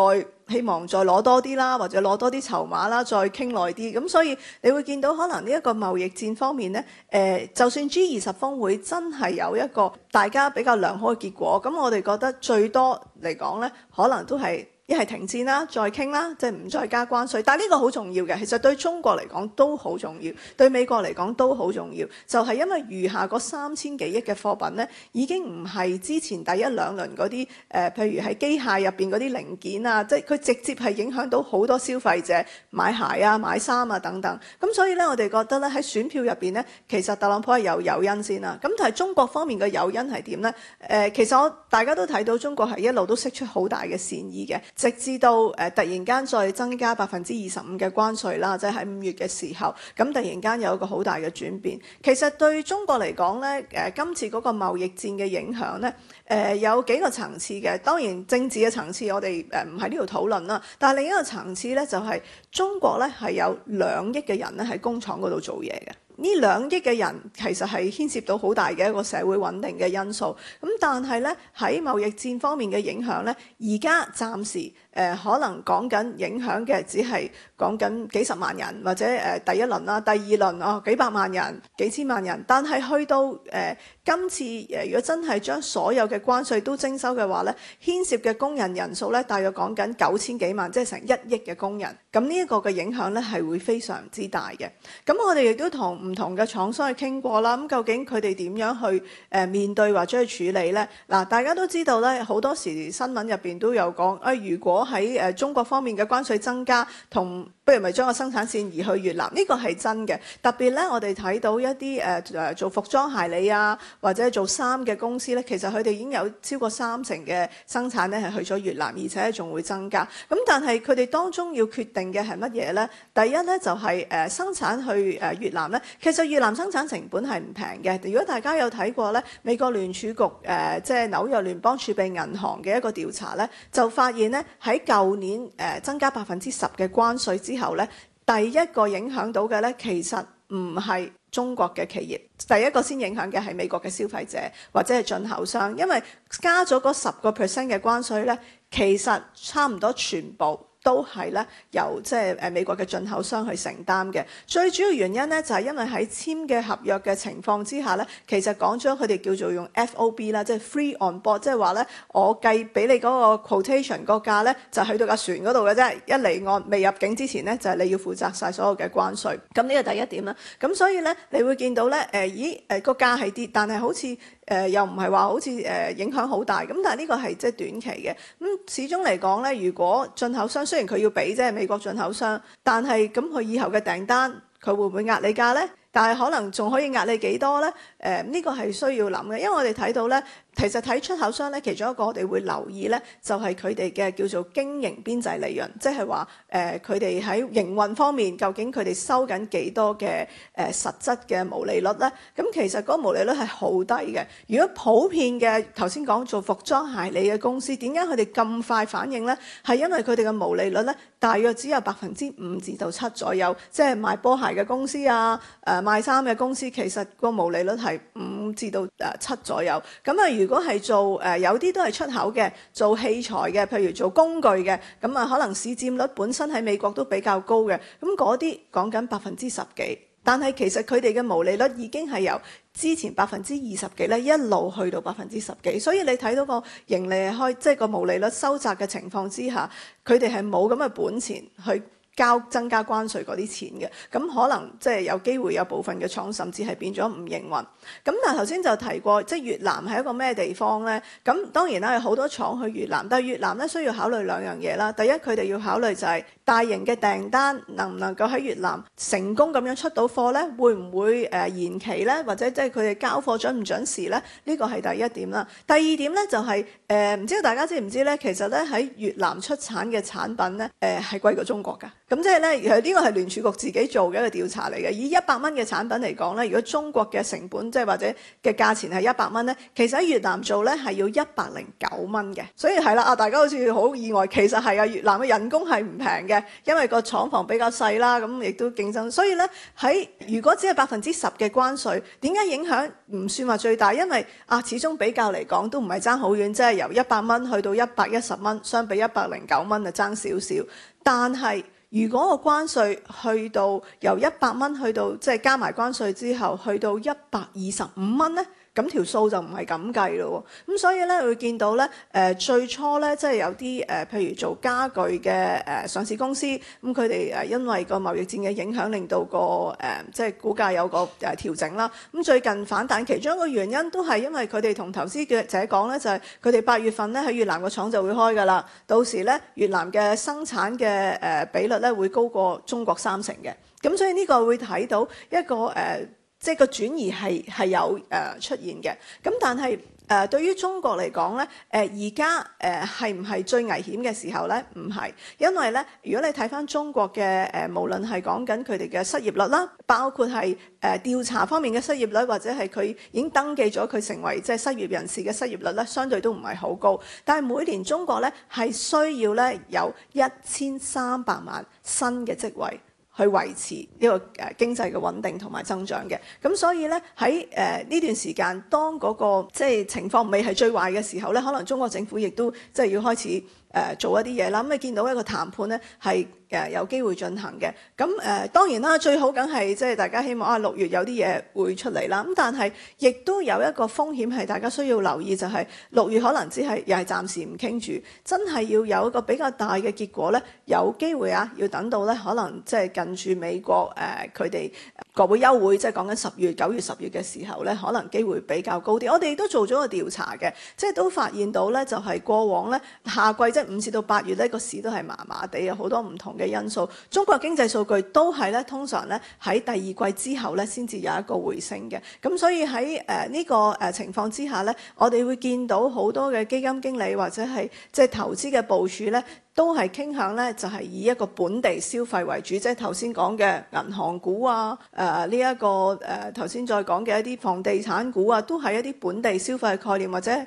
Speaker 2: 希望再攞多啲啦，或者攞多啲籌碼啦，再傾耐啲。咁所以你會見到可能呢一個貿易戰方面呢，誒、呃，就算 G 二十峰會真係有一個大家比較良好嘅結果，咁我哋覺得最多嚟講呢，可能都係。一係停戰啦，再傾啦，即係唔再加關稅。但係呢個好重要嘅，其實對中國嚟講都好重要，對美國嚟講都好重要。就係、是、因為餘下嗰三千幾億嘅貨品呢，已經唔係之前第一兩輪嗰啲誒，譬、呃、如喺機械入邊嗰啲零件啊，即係佢直接係影響到好多消費者買鞋啊、買衫啊，買啊等等。咁所以呢，我哋覺得呢，喺選票入邊呢，其實特朗普係有誘因先啦。咁但係中國方面嘅誘因係點呢？誒、呃，其實我大家都睇到中國係一路都釋出好大嘅善意嘅。直至到誒突然間再增加百分之二十五嘅關稅啦，即係五月嘅時候，咁突然間有一個好大嘅轉變。其實對中國嚟講呢，誒今次嗰個貿易戰嘅影響呢，誒有幾個層次嘅。當然政治嘅層次我哋誒唔喺呢度討論啦。但係另一個層次呢，就係中國呢係有兩億嘅人咧喺工廠嗰度做嘢嘅。呢兩億嘅人其實係牽涉到好大嘅一個社會穩定嘅因素，咁但係呢，喺貿易戰方面嘅影響呢，而家暫時。誒可能講緊影響嘅只係講緊幾十萬人或者誒第一輪啦、第二輪哦幾百萬人、幾千萬人，但係去到誒、呃、今次誒如果真係將所有嘅關稅都徵收嘅話呢，牽涉嘅工人人數呢，大約講緊九千幾萬，即係成一億嘅工人。咁呢一個嘅影響呢，係會非常之大嘅。咁我哋亦都同唔同嘅廠商去傾過啦。咁究竟佢哋點樣去誒面對或者去處理呢？嗱，大家都知道呢，好多時新聞入邊都有講啊、哎，如果喺誒中國方面嘅關稅增加同。和不如咪將個生產線移去越南，呢個係真嘅。特別咧，我哋睇到一啲誒、呃、做服裝鞋履啊，或者做衫嘅公司咧，其實佢哋已經有超過三成嘅生產咧係去咗越南，而且仲會增加。咁但係佢哋當中要決定嘅係乜嘢呢？第一咧就係誒生產去誒越南咧，其實越南生產成本係唔平嘅。如果大家有睇過咧，美國聯儲局誒即係紐約聯邦儲備銀行嘅一個調查咧，就發現咧喺舊年誒增加百分之十嘅關稅之之後咧，第一個影響到嘅咧，其實唔係中國嘅企業，第一個先影響嘅係美國嘅消費者或者係進口商，因為加咗嗰十個 percent 嘅關稅咧，其實差唔多全部。都係咧，由即係美國嘅進口商去承擔嘅。最主要原因咧，就係因為喺簽嘅合約嘅情況之下咧，其實講咗佢哋叫做用 F O B 啦，即係 Free On Board，即係話咧，我計俾你嗰個 quotation 個價咧，就去到架船嗰度嘅啫。一嚟岸未入境之前咧，就係你要負責晒所有嘅關稅。咁呢個第一點啦。咁所以咧，你會見到咧，誒咦誒個價係跌，但係好似。誒、呃、又唔係話好似誒影響好大咁，但係呢個係即係短期嘅。咁始終嚟講呢，如果進口商雖然佢要俾啫，美國進口商，但係咁佢以後嘅訂單，佢會唔會壓你價呢？但係可能仲可以壓你幾多呢？誒、這、呢個係需要諗嘅，因為我哋睇到咧，其實睇出口商咧，其中一個我哋會留意咧，就係佢哋嘅叫做經營邊際利潤，即係話誒佢哋喺營運方面究竟佢哋收緊幾多嘅誒、呃、實質嘅毛利率咧？咁其實嗰個毛利率係好低嘅。如果普遍嘅頭先講做服裝鞋履嘅公司，點解佢哋咁快反應咧？係因為佢哋嘅毛利率咧大約只有百分之五至到七左右，即係賣波鞋嘅公司啊，誒賣衫嘅公司，其實個毛利率係。五至到誒七左右，咁啊如果係做誒，有啲都係出口嘅，做器材嘅，譬如做工具嘅，咁啊可能市佔率本身喺美國都比較高嘅，咁嗰啲講緊百分之十幾，但係其實佢哋嘅毛利率已經係由之前百分之二十幾咧一路去到百分之十幾，所以你睇到個盈利開即係個毛利率收窄嘅情況之下，佢哋係冇咁嘅本錢去。交增加關稅嗰啲錢嘅。咁可能即係有機會有部分嘅廠甚至係變咗唔營運。咁但係頭先就提過，即係越南係一個咩地方咧？咁當然啦，有好多廠去越南，但係越南咧需要考慮兩樣嘢啦。第一，佢哋要考慮就係、是。大型嘅訂單能唔能夠喺越南成功咁樣出到貨咧？會唔會誒延期咧？或者即係佢哋交貨準唔準時咧？呢個係第一點啦。第二點咧就係誒唔知道大家知唔知咧？其實咧喺越南出產嘅產品咧誒，係貴過中國㗎。咁即係咧，呢、這個係聯儲局自己做嘅一個調查嚟嘅。以一百蚊嘅產品嚟講咧，如果中國嘅成本即係或者嘅價錢係一百蚊咧，其實喺越南做咧係要一百零九蚊嘅。所以係啦，啊大家好似好意外，其實係啊，越南嘅人工係唔平嘅。因為個廠房比較細啦，咁亦都競爭，所以呢，喺如果只係百分之十嘅關稅，點解影響唔算話最大？因為啊，始終比較嚟講都唔係爭好遠，即係由一百蚊去到一百一十蚊，相比一百零九蚊就爭少少。但係如果個關稅去到由一百蚊去到即係加埋關稅之後去到一百二十五蚊呢。咁條數就唔係咁計咯，咁所以咧會見到咧，誒、呃、最初咧即係有啲誒、呃，譬如做家具嘅誒、呃、上市公司，咁佢哋誒因為個貿易戰嘅影響，令到個誒、呃、即係股價有個誒、呃、調整啦。咁、嗯、最近反彈，其中一個原因都係因為佢哋同投資嘅者講咧，就係佢哋八月份咧喺越南個廠就會開㗎啦。到時咧越南嘅生產嘅誒、呃、比率咧會高過中國三成嘅，咁所以呢個會睇到一個誒。呃即係個轉移係係有誒、呃、出現嘅，咁但係誒、呃、對於中國嚟講咧，誒而家誒係唔係最危險嘅時候咧？唔係，因為咧，如果你睇返中國嘅誒、呃，無論係講緊佢哋嘅失業率啦，包括係誒調查方面嘅失業率，或者係佢已經登記咗佢成為即係失業人士嘅失業率咧，相對都唔係好高。但係每年中國咧係需要咧有一千三百萬新嘅職位。去維持呢個誒經濟嘅穩定同埋增長嘅，咁所以呢，喺誒呢段時間，當嗰、那個即係、就是、情況未係最壞嘅時候呢，可能中國政府亦都即係、就是、要開始誒、呃、做一啲嘢啦。咁你見到一個談判呢係有機會進行嘅，咁誒、呃、當然啦，最好梗係即係大家希望啊六月有啲嘢會出嚟啦。咁但係亦都有一個風險係大家需要留意，就係、是、六月可能只係又係暫時唔傾住，真係要有一個比較大嘅結果呢，有機會啊要等到呢可能即係近住美國誒佢哋國會休會，即、就、係、是、講緊十月、九月、十月嘅時候呢，可能機會比較高啲。我哋都做咗個調查嘅，即、就、係、是、都發現到呢就係、是、過往呢，夏季即係五至到八月呢個市都係麻麻地，有好多唔同嘅因素，中國經濟數據都係咧，通常咧喺第二季之後咧，先至有一個回升嘅。咁所以喺誒呢個誒情況之下咧，我哋會見到好多嘅基金經理或者係即係投資嘅部署咧。都係傾向咧，就係、是、以一個本地消費為主，即係頭先講嘅銀行股啊，誒、呃、呢、這個呃、一個誒頭先再講嘅一啲房地產股啊，都係一啲本地消費嘅概念或者係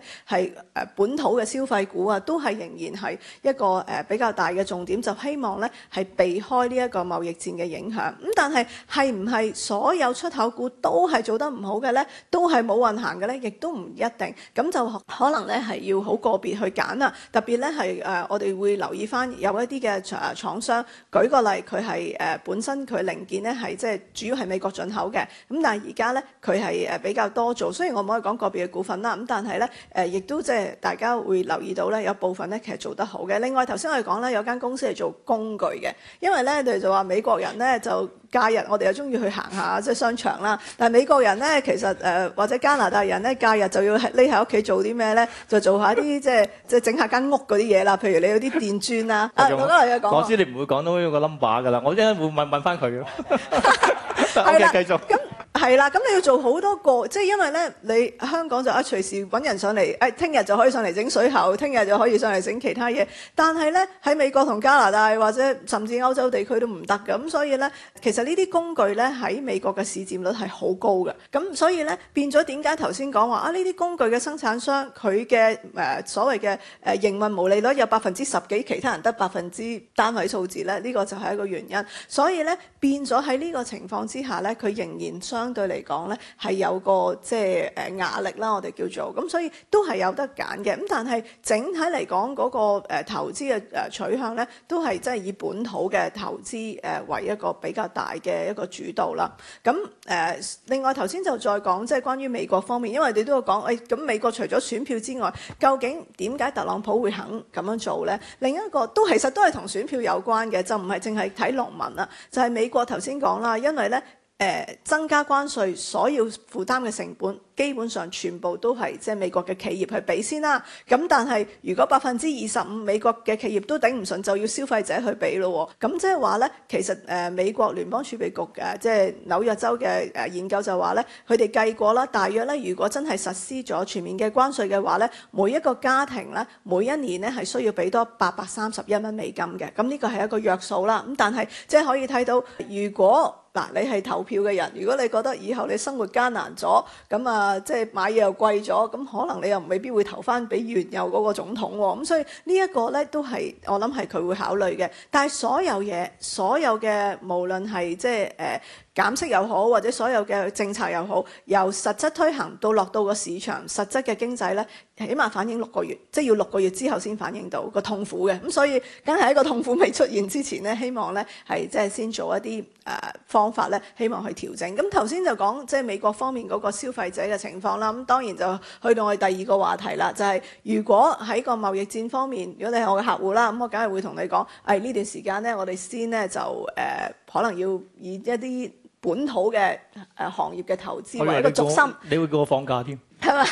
Speaker 2: 誒、呃、本土嘅消費股啊，都係仍然係一個誒、呃、比較大嘅重點，就希望咧係避開呢一個貿易戰嘅影響，咁、嗯、但係，係唔係所有出口股都係做得唔好嘅咧？都係冇運行嘅咧？亦都唔一定。咁就可能咧係要好個別去揀啦，特別咧係誒我哋會留意，以翻有一啲嘅廠，廠商，舉個例，佢係誒本身佢零件咧係即係主要係美國進口嘅，咁但係而家咧佢係誒比較多做，雖然我唔可以講個別嘅股份啦，咁但係咧誒亦都即係大家會留意到咧，有部分咧其實做得好嘅。另外頭先我哋講咧，有間公司係做工具嘅，因為咧佢就話美國人咧就。假日我哋又中意去行下即係商場啦，但係美國人咧其實誒、呃、或者加拿大人咧，假日就要匿喺屋企做啲咩咧？就做下啲即係即係整下間屋嗰啲嘢啦，譬如你有啲電鑽 啊。講啦，講、啊、我知
Speaker 1: 你唔會講到個 number 㗎啦，我一陣間會問問翻佢。
Speaker 2: 係 啦、 okay,。繼續嗯係啦，咁你要做好多個，即係因為咧，你香港就一隨時揾人上嚟，誒聽日就可以上嚟整水喉，聽日就可以上嚟整其他嘢。但係咧喺美國同加拿大或者甚至歐洲地區都唔得嘅，咁所以咧，其實呢啲工具咧喺美國嘅市佔率係好高嘅。咁所以咧變咗點解頭先講話啊？呢啲工具嘅生產商佢嘅誒所謂嘅誒營運毛利率有百分之十幾，其他人得百分之單位數字咧，呢個就係一個原因。所以咧變咗喺呢個情況之下咧，佢仍然相相對嚟講咧，係有個即係誒壓力啦，我哋叫做咁，所以都係有得揀嘅。咁但係整體嚟講，嗰個誒投資嘅誒取向咧，都係即係以本土嘅投資誒為一個比較大嘅一個主導啦。咁誒另外頭先就再講，即係關於美國方面，因為你都要講誒咁美國除咗選票之外，究竟點解特朗普會肯咁樣做咧？另一個都其實都係同選票有關嘅，就唔係淨係睇農民啦，就係美國頭先講啦，因為咧。誒、呃、增加關稅所要負擔嘅成本，基本上全部都係即、就是、美國嘅企業去俾先啦。咁但係如果百分之二十五美國嘅企業都頂唔順，就要消費者去俾咯。咁、嗯、即係話咧，其實誒、呃、美國聯邦儲備局嘅即係紐約州嘅、呃、研究就話咧，佢哋計過啦，大約咧如果真係實施咗全面嘅關稅嘅話咧，每一個家庭咧每一年咧係需要俾多八百三十一蚊美金嘅。咁、嗯、呢、這個係一個約數啦。咁但係即係可以睇到，如果嗱，你係投票嘅人，如果你覺得以後你生活艱難咗，咁啊，即係買嘢又貴咗，咁可能你又未必會投翻俾原有嗰個總統喎，咁所以呢一個咧都係我諗係佢會考慮嘅。但係所有嘢，所有嘅無論係即係誒。減息又好，或者所有嘅政策又好，由實質推行到落到個市場，實質嘅經濟咧，起碼反映六個月，即係要六個月之後先反映到個痛苦嘅。咁所以，梗係一個痛苦未出現之前咧，希望咧係即係先做一啲、呃、方法咧，希望去調整。咁頭先就講即係美國方面嗰個消費者嘅情況啦。咁當然就去到我哋第二個話題啦，就係、是、如果喺個貿易戰方面，如果你係我嘅客戶啦，咁我梗係會同你講，誒、哎、呢段時間咧，我哋先咧就、呃、可能要以一啲。本土嘅誒、呃、行業嘅投資為一個重心，
Speaker 1: 你，你會叫我放假添？係
Speaker 2: 嘛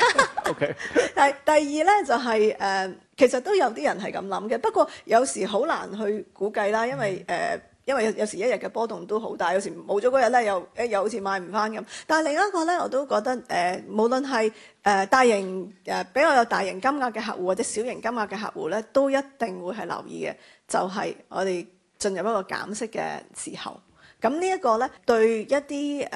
Speaker 2: ？OK 但。但係第二咧就係、是、誒、呃，其實都有啲人係咁諗嘅。不過有時好難去估計啦，因為誒、呃，因為有有時一日嘅波動都好大，有時冇咗嗰日咧又誒又好似買唔翻咁。但係另一個咧，我都覺得誒、呃，無論係誒大型誒、呃、比較有大型金額嘅客戶或者小型金額嘅客戶咧，都一定會係留意嘅，就係、是、我哋進入一個減息嘅時候。咁呢一個呢，對一啲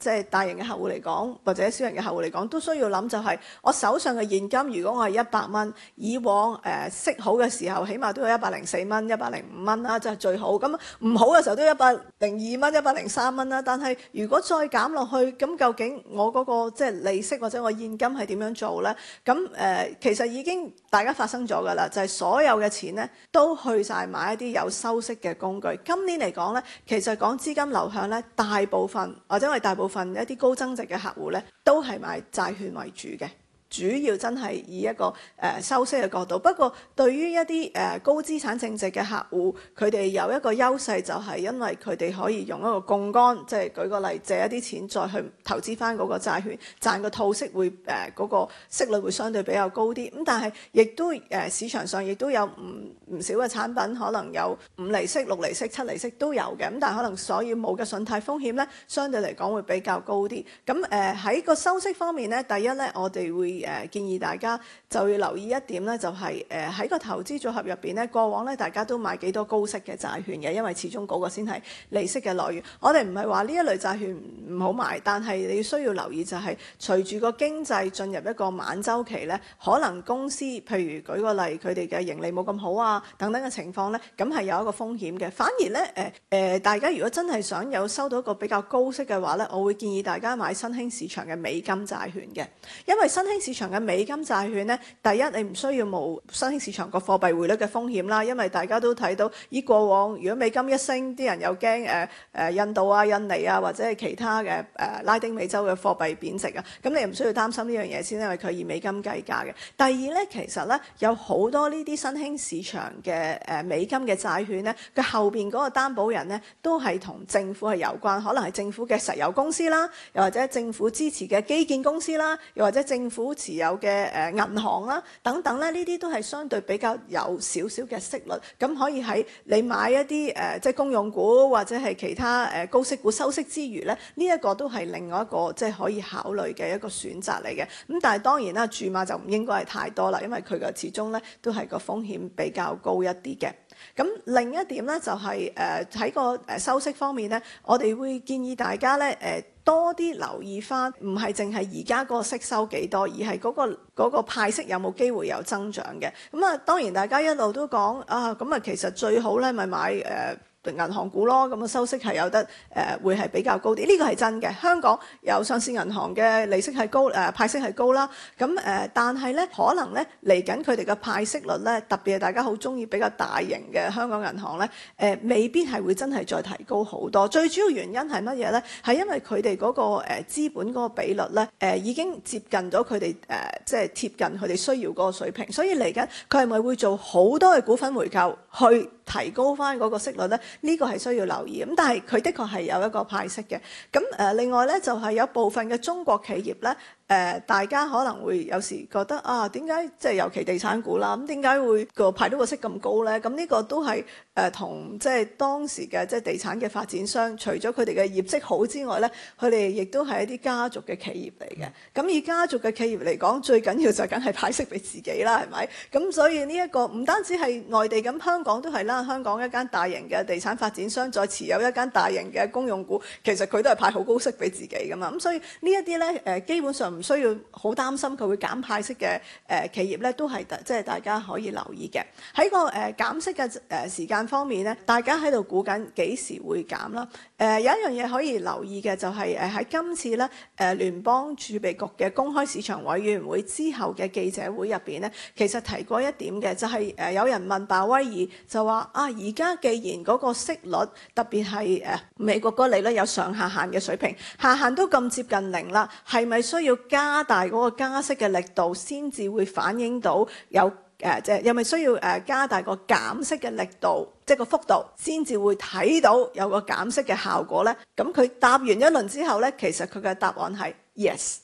Speaker 2: 即係大型嘅客戶嚟講，或者小型嘅客戶嚟講，都需要諗就係我手上嘅現金，如果我係一百蚊，以往誒息好嘅時候，起碼都有一百零四蚊、一百零五蚊啦，即係最好。咁唔好嘅時候都一百零二蚊、一百零三蚊啦。但係如果再減落去，咁究竟我嗰個即係利息或者我現金係點樣做呢？咁誒，其實已經大家發生咗㗎啦，就係所有嘅錢呢，都去晒買一啲有收息嘅工具。今年嚟講呢，其實講資資金流向咧，大部分或者係大部分一啲高增值嘅客戶咧，都係買債券為主嘅。主要真係以一個誒收息嘅角度，不過對於一啲誒高資產淨值嘅客戶，佢哋有一個優勢就係因為佢哋可以用一個槓桿，即係舉個例，借一啲錢再去投資翻嗰個債券，賺個套息會誒嗰個息率會相對比較高啲。咁但係亦都誒市場上亦都有唔唔少嘅產品，可能有五厘息、六厘息、七厘息都有嘅。咁但係可能所以冇嘅信貸風險呢，相對嚟講會比較高啲。咁誒喺個收息方面呢，第一呢，我哋會。誒、呃、建議大家就要留意一點咧，就係誒喺個投資組合入邊咧，過往咧大家都買幾多高息嘅債券嘅，因為始終嗰個先係利息嘅來源。我哋唔係話呢一類債券唔好買，但係你需要留意就係隨住個經濟進入一個晚周期咧，可能公司譬如舉個例，佢哋嘅盈利冇咁好啊，等等嘅情況咧，咁係有一個風險嘅。反而咧誒誒，大家如果真係想有收到一個比較高息嘅話咧，我會建議大家買新興市場嘅美金債券嘅，因為新興市場市場嘅美金債券咧，第一你唔需要無新興市場個貨幣匯率嘅風險啦，因為大家都睇到以過往如果美金一升，啲人又驚、呃呃、印度啊、印尼啊或者係其他嘅、呃、拉丁美洲嘅貨幣貶值啊，咁你唔需要擔心呢樣嘢先，因為佢以美金計價嘅。第二咧，其實咧有好多呢啲新興市場嘅、呃、美金嘅債券咧，佢後邊嗰個擔保人咧都係同政府係有關，可能係政府嘅石油公司啦，又或者政府支持嘅基建公司啦，又或者政府持有嘅誒銀行啦，等等咧，呢啲都係相對比較有少少嘅息率，咁可以喺你買一啲誒、呃、即係公用股或者係其他誒高息股收息之餘咧，呢、這、一個都係另外一個即係可以考慮嘅一個選擇嚟嘅。咁但係當然啦，注碼就唔應該係太多啦，因為佢嘅始終咧都係個風險比較高一啲嘅。咁另一點咧就係誒喺個收息方面咧，我哋會建議大家咧誒。呃多啲留意翻，唔係淨係而家嗰個息收幾多，而係嗰個嗰個派息有冇機會有增長嘅。咁啊，當然大家一路都講啊，咁啊，其實最好咧咪買誒，呃定銀行股咯，咁啊收息係有得誒、呃，會係比較高啲。呢、這個係真嘅。香港有上市銀行嘅利息係高，誒、呃、派息係高啦。咁、呃、誒，但係咧可能咧嚟緊佢哋嘅派息率咧，特別係大家好鍾意比較大型嘅香港銀行咧、呃，未必係會真係再提高好多。最主要原因係乜嘢咧？係因為佢哋嗰個、呃、資資本嗰個比率咧，誒、呃、已經接近咗佢哋誒，即係貼近佢哋需要嗰個水平。所以嚟緊佢係咪會做好多嘅股份回購去？提高翻嗰個息率咧，呢、呢個係需要留意。咁但係佢的確係有一個派息嘅。咁誒、呃，另外咧就係、係、有部分嘅中國企業咧。誒、呃，大家可能會有時覺得啊，點解即係尤其地產股啦？咁點解會個派到個息咁高咧？咁、嗯、呢、這個都係誒同即係當時嘅即係地產嘅發展商，除咗佢哋嘅業績好之外咧，佢哋亦都係一啲家族嘅企業嚟嘅。咁、yeah. 而家族嘅企業嚟講，最緊要就梗緊係派息俾自己啦，係咪？咁、嗯、所以呢、這、一個唔單止係內地咁，香港都係啦。香港一間大型嘅地產發展商再持有一間大型嘅公用股，其實佢都係派好高息俾自己㗎嘛。咁、嗯、所以這些呢一啲咧誒，基本上唔。唔需要好擔心佢會減派息嘅誒、呃、企業咧，都係即係大家可以留意嘅。喺個誒減、呃、息嘅誒、呃、時間方面咧，大家喺度估緊幾時會減啦。誒、呃、有一樣嘢可以留意嘅就係誒喺今次咧誒聯邦儲備局嘅公開市場委員會之後嘅記者會入邊咧，其實提過一點嘅就係、是、誒有人問鮑威爾就話啊，而家既然嗰個息率特別係誒美國嗰個利率有上下限嘅水平，下限都咁接近零啦，係咪需要？加大嗰個加息嘅力度，先至會反映到有誒，即係，又咪需要誒加大個減息嘅力度，即係個幅度，先至會睇到有個減息嘅效果咧。咁佢答完一輪之後咧，其實佢嘅答案係 yes，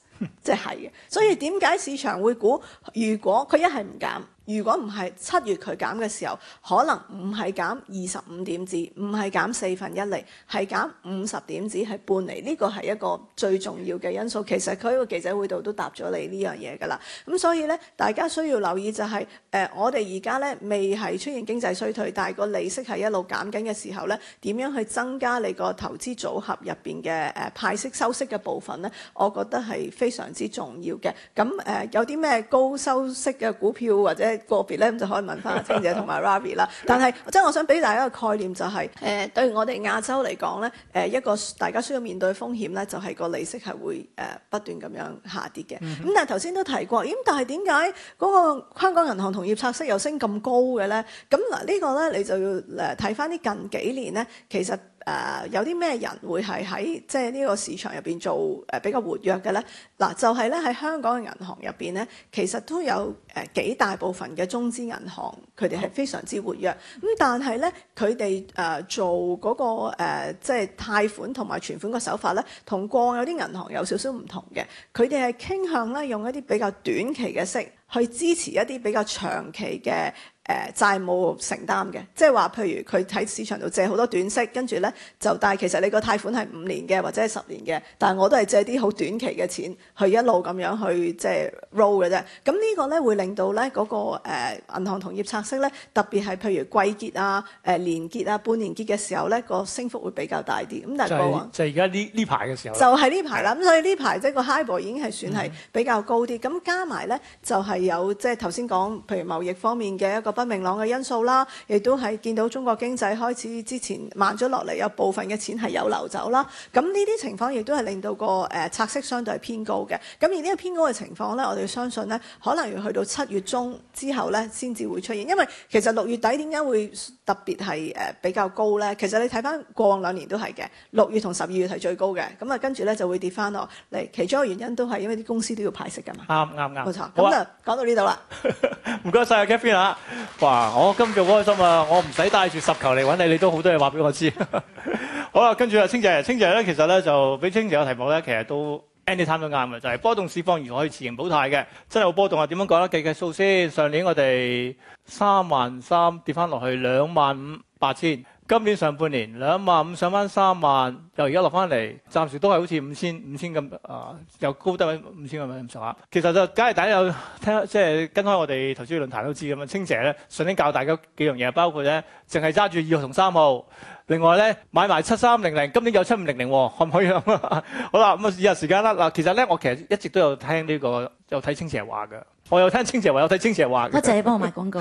Speaker 2: 即係嘅。所以點解市場會估如果佢一係唔減？如果唔係七月佢減嘅時候，可能唔係減二十五點子，唔係減四分一厘，係減五十點子，係半厘。呢個係一個最重要嘅因素。其實佢喺個記者會度都答咗你呢樣嘢㗎啦。咁所以咧，大家需要留意就係、是、誒、呃，我哋而家咧未係出現經濟衰退，但係個利息係一路減緊嘅時候咧，點樣去增加你個投資組合入邊嘅誒派息收息嘅部分咧？我覺得係非常之重要嘅。咁誒、呃，有啲咩高收息嘅股票或者？個別咧咁就可以問翻阿青姐同埋 Ravi 啦， 但係即係我想俾大家一個概念就係、是、誒、呃，對於我哋亞洲嚟講咧，誒、呃、一個大家需要面對風險咧，就係、是、個利息係會誒、呃、不斷咁樣下跌嘅。咁 但係頭先都提過，咁但係點解嗰個香港銀行同業拆息又升咁高嘅咧？咁嗱，呢個咧你就要誒睇翻啲近幾年咧，其實。誒有啲咩人會係喺即係呢個市場入邊做誒比較活躍嘅咧？嗱，就係咧喺香港嘅銀行入邊咧，其實都有誒幾大部分嘅中資銀行，佢哋係非常之活躍。咁但係咧，佢哋誒做嗰個誒即係貸款同埋存款嘅手法咧，同過往有啲銀行有少少唔同嘅。佢哋係傾向咧用一啲比較短期嘅息去支持一啲比較長期嘅。誒、呃、債務承擔嘅，即係話，譬如佢喺市場度借好多短息，跟住咧就，但係其實你個貸款係五年嘅或者係十年嘅，但係我都係借啲好短期嘅錢去一路咁樣去即係 roll 嘅啫。咁呢個咧會令到咧嗰、那個銀、呃、銀行同業拆息咧，特別係譬如季結啊、呃、年結啊、半年結嘅時候咧，個升幅會比較大啲。咁但係過往就係
Speaker 1: 而家呢呢排嘅時候，就係呢排啦。
Speaker 2: 咁所以呢排即係個 HIBOR 已經係算係比較高啲。咁、嗯、加埋咧就係、是、有即係頭先講，譬如貿易方面嘅一個。不明朗嘅因素啦，亦都係見到中國經濟開始之前慢咗落嚟，有部分嘅錢係有流走啦。咁呢啲情況亦都係令到個誒、呃、拆息相對偏高嘅。咁而呢個偏高嘅情況咧，我哋相信咧，可能要去到七月中之後咧，先至會出現，因為其實六月底點解會。特別係、呃、比較高咧，其實你睇翻過往兩年都係嘅，六月同十二月係最高嘅，咁啊跟住咧就會跌翻落嚟。其中一個原因都係因為啲公司都要派息㗎嘛。啱啱
Speaker 1: 啱，冇錯。咁
Speaker 2: 就講到呢度啦。
Speaker 1: 唔該晒啊，Kevin 啊，哇！我今日好開心啊，我唔使帶住十球嚟搵你，你都 好多嘢話俾我知。好啦，跟住啊，清姐呢呢清姐咧其實咧就俾清姐嘅題目咧，其實都。Anytime 都啱嘅就係、是、波動市況，如果可以持盈保泰嘅，真係好波動啊！點樣講咧？計計數先，上年我哋三萬三跌翻落去兩萬五八千。今年上半年兩萬五上翻三萬，又而家落翻嚟，暫時都係好似五千五千咁啊，又高得五千咁上下。其實就梗係大家有聽，即係跟開我哋投資論壇都知咁啊。清姐咧順天教大家幾樣嘢，包括咧淨係揸住二號同三號，另外咧買埋七三零零，今年有七五零零喎，可唔可以啊？ 好啦，咁啊，時間啦嗱，其實咧我其實一直都有聽呢個有睇清姐話嘅。我有聽青姐話，有睇青姐話。多謝，謝你幫我賣廣告。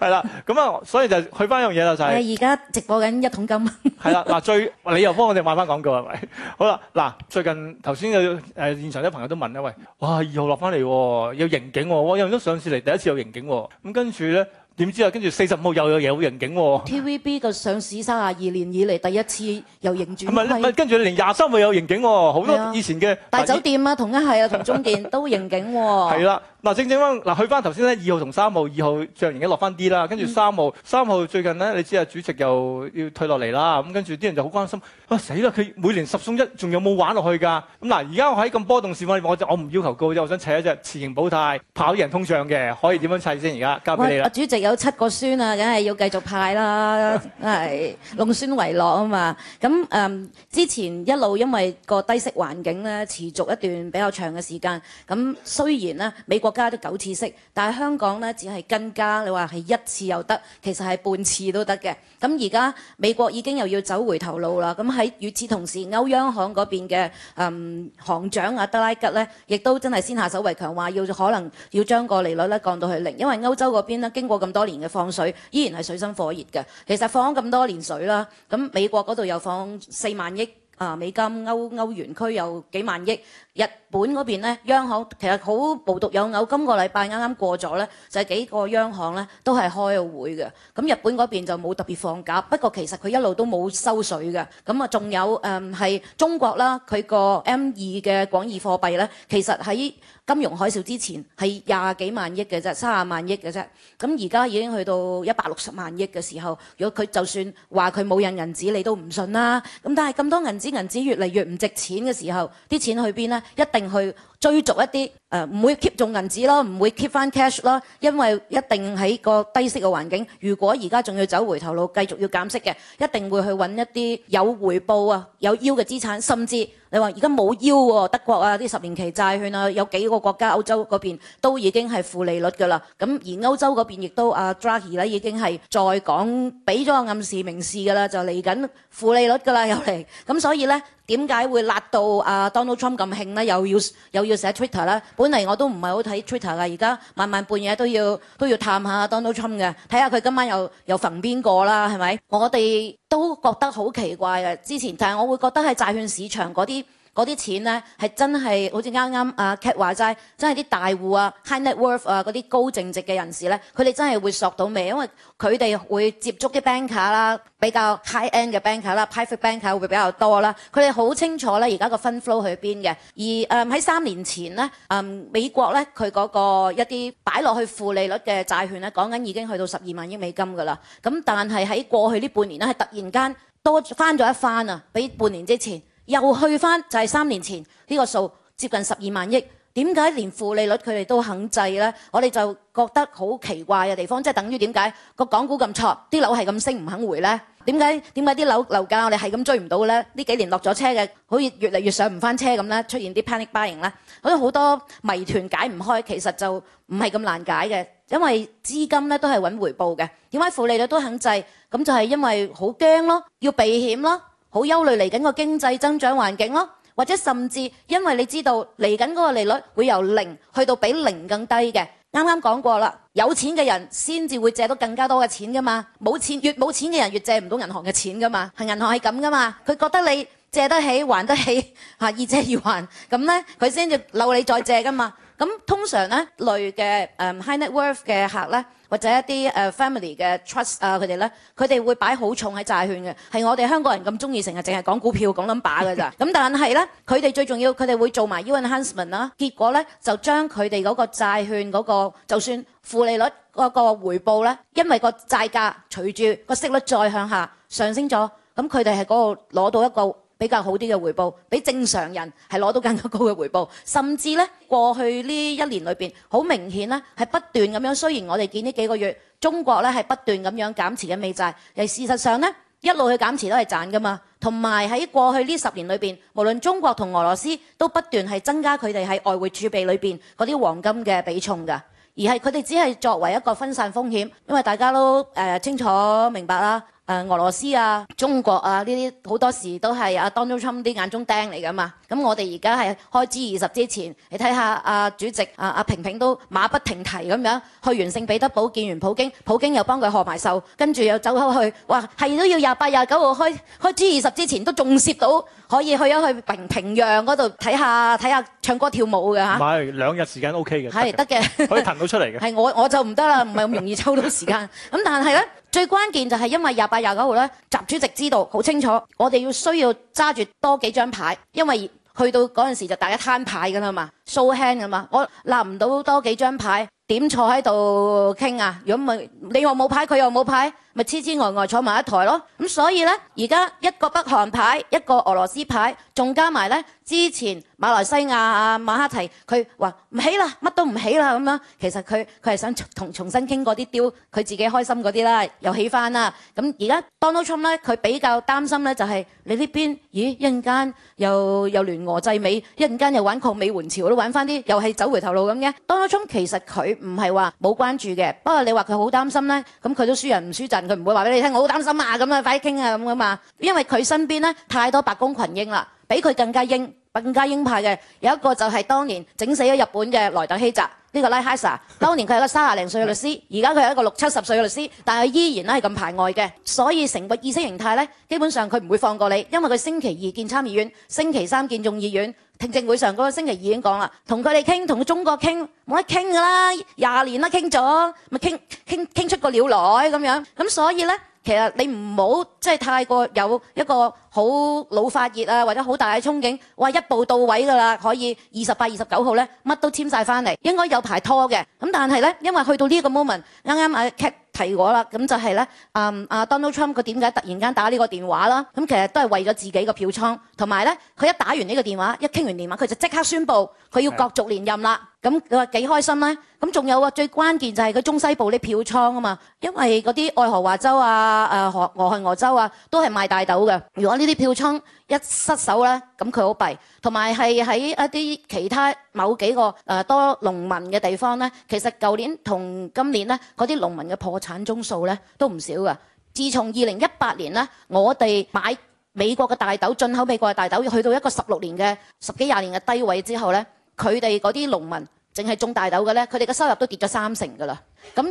Speaker 1: 係 啦，咁啊，所以就去翻一樣嘢啦，就係而
Speaker 4: 家直播緊一桶金。
Speaker 1: 係 啦，嗱最你又幫我哋賣翻廣告係咪？好啦，嗱最近頭先有誒現場啲朋友都問咧，喂，哇二號落翻嚟喎，有刑警喎，我因都上市嚟，第一次有刑警喎。咁跟住咧，點知啊？跟住四十五號又有嘢會刑警喎。
Speaker 4: TVB 嘅上市三十二年以嚟第一次有刑警。唔係唔係，
Speaker 1: 跟住連廿三號有刑警喎，好多以前嘅大酒
Speaker 4: 店啊， 同一系啊，同中建都刑警喎、啊。係
Speaker 1: 啦。嗱，正正方去返頭先呢，二號同三號，二號漲已嘅落返啲啦，跟住三號，三、嗯、號最近呢，你知啊，主席又要退落嚟啦，咁跟住啲人就好關心，哇死啦，佢每年十送一，仲有冇玩落去㗎？咁嗱，而家我喺咁波動市況，我我唔要求高，我想砌一隻持盈保泰跑贏通脹嘅，可以點樣砌先？而家交俾你啦。主
Speaker 4: 席有七個孫啊，梗係要繼續派啦，係 弄孫為樂啊嘛。咁誒、嗯，之前一路因為個低息環境呢，持續一段比較長嘅時間，咁雖然呢，美國。加都九次息，但係香港呢，只係跟加，你話係一次又得，其實係半次都得嘅。咁而家美國已經又要走回頭路啦。咁喺與此同時，歐央行嗰邊嘅嗯行長阿德拉吉呢，亦都真係先下手為強，話要可能要將個利率咧降到去零，因為歐洲嗰邊咧經過咁多年嘅放水，依然係水深火熱嘅。其實放咗咁多年水啦，咁美國嗰度又放四萬億啊美金，歐歐元區有幾萬億。一。日本嗰邊咧，央行其實好無獨有偶，今個禮拜啱啱過咗咧，就係幾個央行咧都係開個會嘅。咁日本嗰邊就冇特別放假，不過其實佢一路都冇收水嘅。咁啊，仲有誒係中國啦，佢個 M 二嘅廣義貨幣咧，其實喺金融海嘯之前係廿幾萬億嘅啫，三十萬億嘅啫。咁而家已經去到一百六十萬億嘅時候，如果佢就算話佢冇印銀紙，你都唔信啦。咁但係咁多銀紙銀紙越嚟越唔值錢嘅時候，啲錢去邊咧？一一定去追逐一啲，誒、呃、唔會 keep 住銀紙咯，唔會 keep 翻 cash 咯，因為一定喺個低息嘅環境，如果而家仲要走回頭路，繼續要減息嘅，一定會去揾一啲有回報啊、有腰嘅資產，甚至。你話而家冇腰喎，德國啊啲十年期債券啊，有幾個國家歐洲嗰邊都已經係負利率㗎啦。咁而歐洲嗰邊亦都阿、啊、Draghi 呢已經係在講俾咗個暗示明示㗎啦，就嚟緊負利率㗎啦又嚟。咁所以呢點解會辣到阿、啊、Donald Trump 咁興呢？又要又要寫 Twitter 啦。本嚟我都唔係好睇 Twitter 噶，而家晚晚半夜都要都要探下 Donald Trump 嘅，睇下佢今晚又又馴邊個啦，係咪？我哋。都覺得好奇怪嘅，之前，但係我會覺得係債券市場嗰啲。嗰啲錢呢，係真係好似啱啱啊 Cat 話齋，真係啲大戶啊，high net worth 啊，嗰、啊、啲高淨值嘅人士呢，佢、啊、哋真係會索到尾，因為佢哋會接觸啲 banker 啦，比較 high end 嘅 banker 啦、啊、，private banker 會，會比較多啦。佢哋好清楚呢，而家個 fund flow 去邊嘅。而誒喺三年前呢、嗯，美國呢，佢嗰個一啲擺落去負利率嘅債券呢，講緊已經去到十二萬億美金㗎啦。咁但係喺過去呢半年呢，係突然間多翻咗一番啊，比半年之前。又去翻就係三年前呢個數接近十二萬億，點解連負利率佢哋都肯滯咧？我哋就覺得好奇怪嘅地方，即係等於點解個港股咁挫，啲樓係咁升唔肯回咧？點解點解啲樓樓價我哋係咁追唔到咧？呢幾年落咗車嘅，好似越嚟越上唔翻車咁咧，出現啲 panic buying 咧，好似好多謎團解唔開，其實就唔係咁難解嘅，因為資金咧都係揾回報嘅，點解負利率都肯滯？咁就係因為好驚咯，要避險咯。好憂慮嚟緊個經濟增長環境囉，或者甚至因為你知道嚟緊嗰個利率會由零去到比零更低嘅。啱啱講過啦，有錢嘅人先至會借到更加多嘅錢㗎嘛，冇錢越冇錢嘅人越借唔到銀行嘅錢㗎嘛，係銀行係咁㗎嘛，佢覺得你借得起還得起，吓易借易還，咁呢，佢先至留你再借㗎嘛。咁通常呢類嘅誒、um, high net worth 嘅客呢，或者一啲、uh, family 嘅 trust 啊佢哋呢，佢哋會擺好重喺債券嘅，係我哋香港人咁鍾意成日淨係講股票講冧把㗎咋。咁 但係呢，佢哋最重要，佢哋會做埋 enhancement 啦。結果呢，就將佢哋嗰個債券嗰、嗰個，就算負利率嗰個回報呢，因為個債價隨住個息率再向下上升咗，咁佢哋係嗰個攞到一個。比較好啲嘅回報，比正常人係攞到更加高嘅回報，甚至呢，過去呢一年裏面，好明顯呢係不斷咁樣。雖然我哋見呢幾個月中國呢係不斷咁樣減持嘅美債，而事實上呢，一路去減持都係賺㗎嘛。同埋喺過去呢十年裏面，無論中國同俄羅斯都不斷係增加佢哋喺外匯儲備裏面嗰啲黃金嘅比重㗎。而係佢哋只係作為一個分散風險，因為大家都呃清楚明白啦。俄羅斯啊、中國啊，呢啲好多時都係阿 Donald Trump 啲眼中釘嚟㗎嘛。咁我哋而家係開 G 二十之前，你睇下阿主席、啊、阿阿平平都馬不停蹄咁樣去完聖彼得堡，見完普京，普京又幫佢賀埋壽，跟住又走開去，哇，係都要廿八、廿九號，開開 G 二十之前都仲攝到可以去一去平平壤嗰度睇下睇下唱歌跳舞㗎。
Speaker 1: 兩日時間 OK 嘅，係得嘅，可以，的 可以騰到出嚟嘅。係
Speaker 4: 我我就唔得啦，唔係咁容易抽到時間。 但係呢。最關鍵就係因為廿八廿九號呢，習主席知道好清楚，我哋要需要揸住多幾張牌，因為去到嗰陣時就大家攤牌㗎啦嘛，show hand 㗎嘛，我拿唔到多幾張牌，點坐喺度傾啊？如果你話冇牌，佢又冇牌。咪痴痴呆呆坐埋一台咯，咁、 嗯嗯、所以咧，而家一個北韓牌，一個俄羅斯牌，仲加埋咧之前馬來西亞啊馬哈提，佢話唔起啦，乜都唔起啦咁樣。其實佢佢係想同重，重新傾嗰啲雕，佢自己開心嗰啲啦，又起翻啦。咁而家 Donald Trump 咧，佢比較擔心咧、就是，就係你呢邊咦一陣間又又聯俄制美，一陣間又玩抗美援朝，都玩翻啲遊戲走回頭路咁嘅。Donald Trump 其實佢唔係話冇關注嘅，不過你話佢好擔心咧，咁佢都輸人唔輸陣。佢唔會話俾你聽，我好擔心啊！咁啊，快傾啊！咁噶嘛，因為佢身邊呢，太多白宮群英啦，比佢更加英。更加鷹派嘅有一個就係當年整死咗日本嘅萊特希澤呢、這個拉希薩，當年佢係一個卅零歲嘅律師，而家佢係一個六七十歲嘅律師，但係依然係咁排外嘅。所以成個意識形態呢，基本上佢唔會放過你，因為佢星期二見參議院，星期三見眾議院，聽證會上嗰個星期二已經講啦，同佢哋傾，同中國傾，冇得傾㗎啦，廿年啦傾咗，咪傾傾傾出個鳥來咁樣，咁所以呢。其實你唔好即係太過有一個好腦發熱啊，或者好大嘅憧憬，哇！一步到位㗎啦，可以二十八、二十九號呢，乜都簽晒返嚟，應該有排拖嘅。咁但係呢，因為去到這個剛剛呢個 moment，啱啱啊 cat 提過啦，咁就係呢嗯啊 Donald Trump 佢點解突然間打呢個電話啦？咁其實都係為咗自己嘅票倉，同埋呢，佢一打完呢個電話，一傾完電話，佢就即刻宣布佢要角逐連任啦。咁佢話幾開心呢？咁仲有啊！最關鍵就係個中西部啲票倉啊嘛，因為嗰啲愛荷華州啊、誒俄俄亥俄州啊，都係賣大豆嘅。如果呢啲票倉一失守呢，咁佢好弊。同埋係喺一啲其他某幾個誒多農民嘅地方呢，其實舊年同今年呢，嗰啲農民嘅破產宗數呢都唔少㗎。自從二零一八年呢，我哋買美國嘅大豆，進口美國嘅大豆，去到一個十六年嘅十幾廿年嘅低位之後呢。佢哋嗰啲農民淨係種大豆嘅呢，佢哋嘅收入都跌咗三成㗎喇。咁而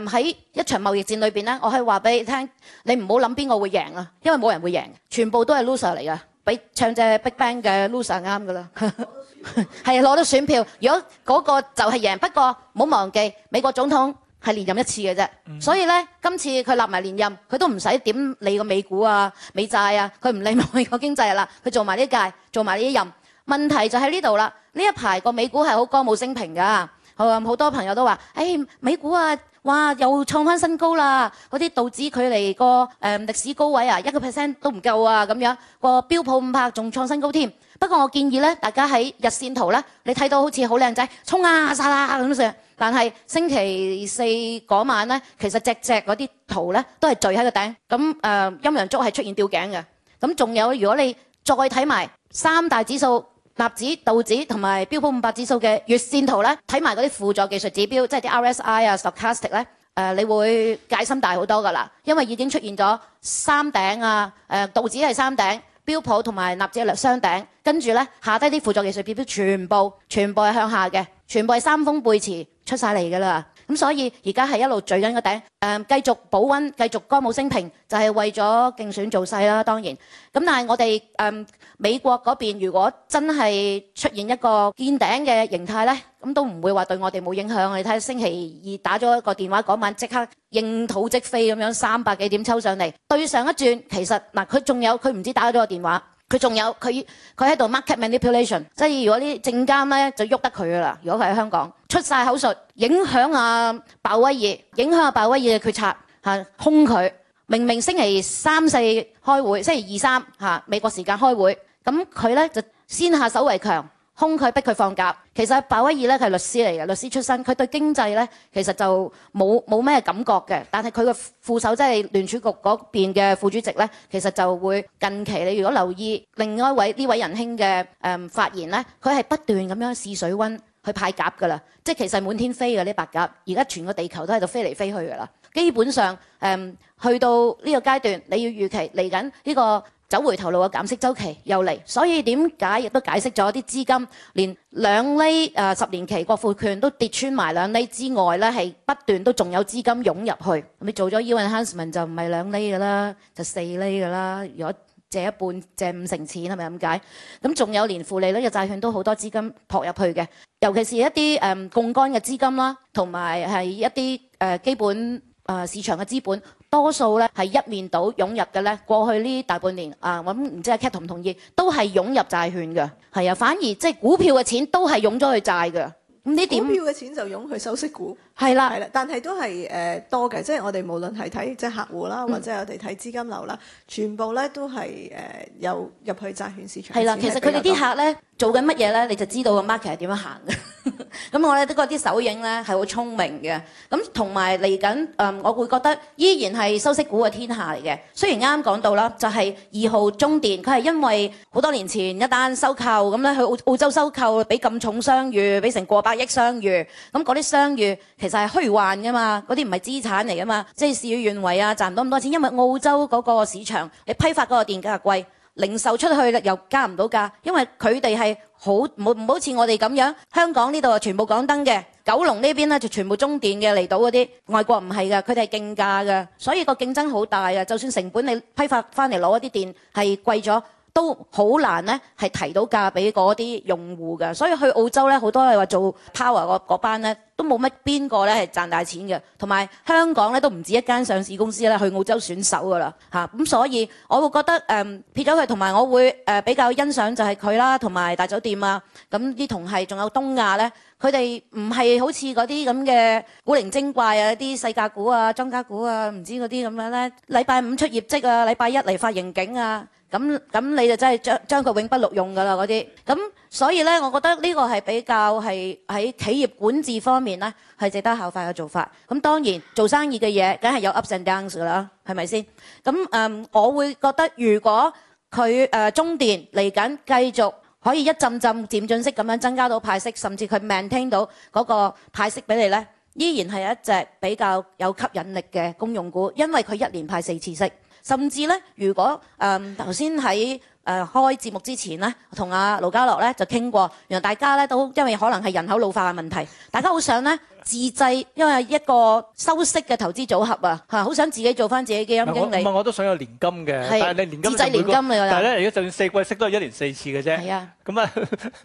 Speaker 4: 誒喺、嗯、一場貿易戰裏面呢，我係話俾你聽，你唔好諗邊個會贏啊，因為冇人會贏，全部都係 loser 嚟㗎。比唱隻 Big Bang 嘅 loser 啱㗎喇，係攞到選票。如果嗰個就係贏，不過唔好忘記美國總統係連任一次嘅啫、嗯。所以呢，今次佢立埋連任，佢都唔使點理個美股啊、美債啊，佢唔理美國經濟啦，佢做埋呢一屆，做埋呢一任。問題就喺呢度啦！呢一排個美股係好歌舞升平㗎，好多朋友都話，誒美股啊，哇又創翻新高啦！嗰啲道指距離個誒歷史高位啊，一個 percent 都唔夠啊咁樣。個標普五百仲創新高添。不過我建議咧，大家喺日線圖咧，你睇到好似好靚仔，衝啊殺啦咁樣。但係星期四嗰晚咧，其實隻隻嗰啲圖咧都係聚喺個頂，咁誒陰陽燭係出現吊頸嘅。咁仲有如果你再睇埋三大指數，納指、道指同埋標普五百指數嘅月線圖呢，睇埋嗰啲輔助技術指標，即係啲 RSI 啊、Stochastic 呢，誒，你會戒心大好多㗎啦，因為已經出現咗三頂啊，誒，道指係三頂，標普同埋納指係雙頂，跟住呢，下低啲輔助技術指標全部全部係向下嘅，全部係三峯背馳出晒嚟㗎啦。咁、嗯、所以而家係一路聚緊個頂，誒、嗯、繼續保溫，繼續歌舞升平，就係、是、為咗競選做勢啦。當然，咁、嗯、但係我哋誒、嗯、美國嗰邊，如果真係出現一個見頂嘅形態呢，咁、嗯、都唔會話對我哋冇影響。你睇星期二打咗一個電話，嗰晚即刻應土即飛咁樣三百幾點抽上嚟，對上一轉，其實嗱，佢、嗯、仲有佢唔知打咗個電話。佢仲有佢佢喺度 market manipulation，即係如果啲證監呢，就喐得佢啦。如果佢喺香港出晒口述，影響啊鮑威爾，影響啊鮑威爾嘅決策嚇，控、啊、佢明明星期三四開會，星期二三、啊、美國時間開會，咁佢呢，就先下手為強。空佢逼佢放鴿。其實鮑威爾呢，佢係律師嚟嘅，律師出身，佢對經濟呢，其實就冇冇咩感覺嘅。但係佢個副手，即係聯儲局嗰邊嘅副主席呢，其實就會近期你如果留意另外一位呢位仁兄嘅誒發言呢，佢係不斷咁樣試水温去派鴿㗎啦，即係其實滿天飛㗎呢白鴿，而家全個地球都喺度飛嚟飛去㗎啦。基本上誒去到呢個階段，你要預期嚟緊呢個走回頭路嘅減息周期又嚟，所以點解亦都解釋咗啲資金連兩厘、呃、十年期國庫券都跌穿埋兩厘之外咧，係不斷都仲有資金湧入去。你、嗯、做咗 yield enhancement 就唔係兩厘㗎啦，就四厘㗎啦。如果借一半借五成錢係咪咁解？咁、嗯、仲有連負利率嘅債券都好多資金撲入去嘅，尤其是一啲槓桿嘅資金啦，同埋係一啲、呃、基本、呃、市場嘅資本。多數咧係一面倒湧入嘅呢，過去呢大半年啊，咁唔知阿 c a t 同唔同意？都係湧入債券嘅。係啊，反而即係股票嘅錢都係湧咗去債嘅。咁呢點？
Speaker 2: 股票嘅錢就湧去收息股。係啦，啦，但係都係誒、呃、多嘅、就是，即係我哋無論係睇即係客戶啦，或者我哋睇資金流啦、嗯，全部咧都係誒有入去債券市場是。係啦，其實佢哋啲客
Speaker 4: 咧做緊乜嘢咧，你就知道個 market 係點樣行嘅。咁 我哋都嗰啲手影咧係好聰明嘅。咁同埋嚟緊誒，我會覺得依然係收息股嘅天下嚟嘅。雖然啱啱講到啦，就係、是、二號中電，佢係因為好多年前一單收購咁咧去澳澳洲收購，俾咁重商譽，俾成過百億商譽。咁嗰啲商譽。其實係虛幻㗎嘛，嗰啲唔係資產嚟㗎嘛，即係事與願違啊，賺唔到咁多錢，因為澳洲嗰個市場，你批發嗰個電價係貴，零售出去又加唔到價，因為佢哋係好冇唔好似我哋咁樣，香港呢度全部港燈嘅，九龍呢邊呢就全部中電嘅嚟到嗰啲，外國唔係㗎，佢哋係競價㗎，所以個競爭好大啊，就算成本你批發返嚟攞一啲電係貴咗。都好難咧，係提到價俾嗰啲用戶㗎。所以去澳洲咧好多係話做 Power 嗰班咧都冇乜邊個咧係賺大錢嘅，同埋香港咧都唔止一間上市公司咧去澳洲選手噶啦嚇，咁所以我會覺得誒撇咗佢，同、嗯、埋我會誒、呃、比較欣賞就係佢啦，同埋大酒店啊，咁啲同係仲有東亞咧，佢哋唔係好似嗰啲咁嘅古靈精怪啊啲細價股啊、莊家股啊，唔知嗰啲咁樣咧，禮拜五出業績啊，禮拜一嚟發盈警啊。咁咁你就真係將將佢永不錄用㗎啦嗰啲，咁所以呢，我覺得呢個係比較係喺企業管治方面呢，係值得效法嘅做法。咁當然做生意嘅嘢梗係有 ups and downs 㗎啦，係咪先？咁誒、嗯，我會覺得如果佢誒、呃、中電嚟緊繼續可以一陣陣漸進式咁樣增加到派息，甚至佢 maintain 到嗰個派息俾你呢，依然係一隻比較有吸引力嘅公用股，因為佢一年派四次息。甚至呢，如果誒頭先喺呃開節目之前呢同阿、啊、盧嘉樂呢就傾過，原來大家呢，都因為可能係人口老化嘅問題，大家好想呢自製，因為一個收息嘅投資組合啊，好想自己做翻自己的基金經理。唔係，
Speaker 1: 我都想有年金嘅，自製年金嚟㗎。但係咧，如果就算四季息都係一年四次嘅啫。係啊。咁 啊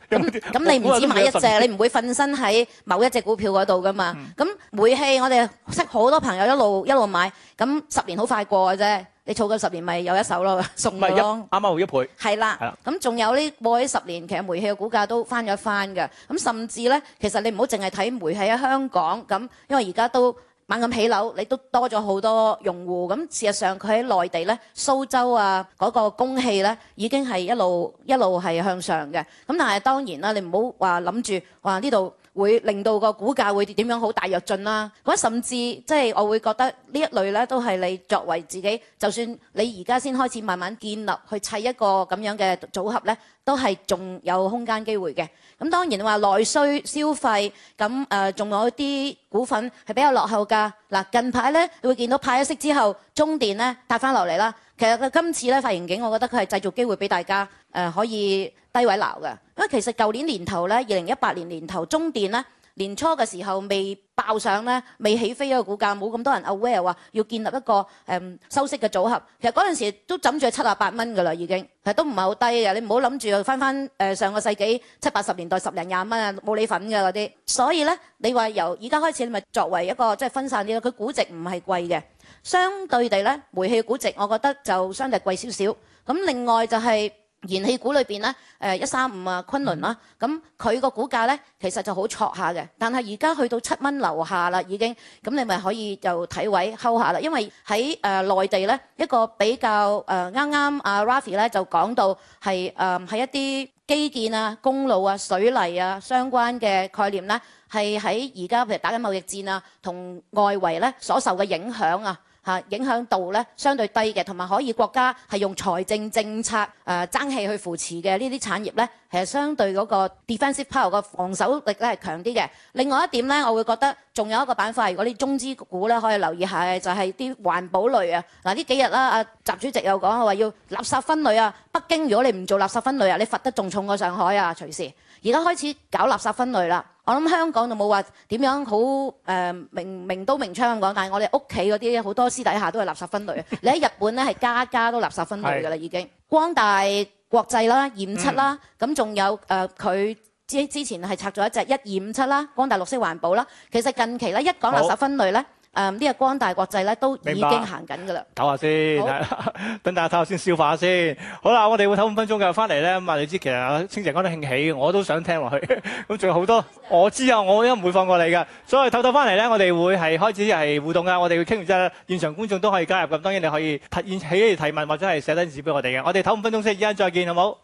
Speaker 1: 那，
Speaker 4: 咁 那 你唔止買一隻，你唔會瞓身喺某一隻股票嗰度㗎嘛？咁、嗯、煤氣，我哋識好多朋友一路一路，一路買，咁十年好快過嘅啫。你儲咁十年咪有一手咯，送咗，啱啱好一倍。係啦，咁仲有呢？過咗十年，其實煤氣嘅股價都翻咗一番嘅。咁甚至呢，其實你唔好淨係睇煤氣喺香港咁，因為而家都猛咁起樓，你都多咗好多用戶。咁事實上佢喺內地呢，蘇州啊嗰、那個供氣呢，已經係一路一路係向上嘅。咁但係當然啦，你唔好話諗住話呢度。會令到個股價會點樣好大躍進啦？或者甚至即係、就是、我會覺得呢一類咧都係你作為自己，就算你而家先開始慢慢建立去砌一個咁樣嘅組合咧，都係仲有空間機會嘅。咁當然話內需消費，咁誒仲有啲股份係比較落後㗎。嗱近排咧你會見到派息之後，中電咧帶翻落嚟啦。其實今次咧發言警，我覺得佢係製造機會俾大家誒、呃、可以。低位鬧嘅，因為其實舊年年頭呢，二零一八年年頭，中電呢，年初嘅時候未爆上呢，未起飛嘅個股價，冇咁多人 aware 話要建立一個誒、嗯、收息嘅組合。其實嗰陣時候都枕住七啊八蚊㗎喇，已經，其實都唔係好低嘅。你唔好諗住翻返誒上個世紀七八十年代十零廿蚊啊冇你份㗎嗰啲。所以呢，你話由依家開始，你咪作為一個即係、就是、分散啲咯。佢估值唔係貴嘅，相對地呢，煤氣估值我覺得就相對貴少少。咁另外就係、是。燃氣股裏面呢，誒一三五啊、昆侖啦，咁佢個股價呢，其實就好挫下嘅，但係而家去到七蚊樓下啦，已經，咁你咪可以就睇位 hold 下啦。因為喺誒內地呢，一個比較誒啱啱阿 Rafi 呢就講到係誒係一啲基建啊、公路啊、水泥啊相關嘅概念呢，係喺而家譬如打緊貿易戰啊，同外圍呢所受嘅影響啊。嚇影響度咧相對低嘅，同埋可以國家係用財政政策誒爭氣去扶持嘅呢啲產業呢，係相對嗰個 defensive power 個防守力呢係強啲嘅。另外一點呢，我會覺得仲有一個板塊，如果啲中資股呢可以留意一下，就係啲環保類啊。嗱呢幾日啦，阿習主席又講話要垃圾分類啊。北京如果你唔做垃圾分類啊，你罰得仲重過上海啊，隨時。而家開始搞垃圾分類啦，我諗香港就冇話點樣好、呃、明明刀明槍咁講，但係我哋屋企嗰啲好多私底下都係垃， 垃、嗯呃、垃圾分類。你喺日本呢係家家都垃圾分類㗎啦，已經光大國際啦、二五七啦，咁仲有誒佢之前係拆咗一隻一二五七啦，光大綠色環保啦。其實近期咧一講垃圾分類呢。誒、嗯，呢、這個光大國際咧都已經行緊㗎啦。
Speaker 1: 唞下先， 等大家唞下先消化下先。好啦，我哋會唞五分鐘嘅，翻嚟咧咁啊！你知其實清姐講得興起，我都想聽落去。咁 仲有好很多， 我知啊，我應該唔會放過你嘅。所以唞唞翻嚟咧，我哋會係開始係互動㗎。我哋會傾完之後，現場觀眾都可以加入。咁當然你可以提起提問或者係寫低啲紙俾我哋嘅。我哋唞五分鐘先，依家再見，好冇？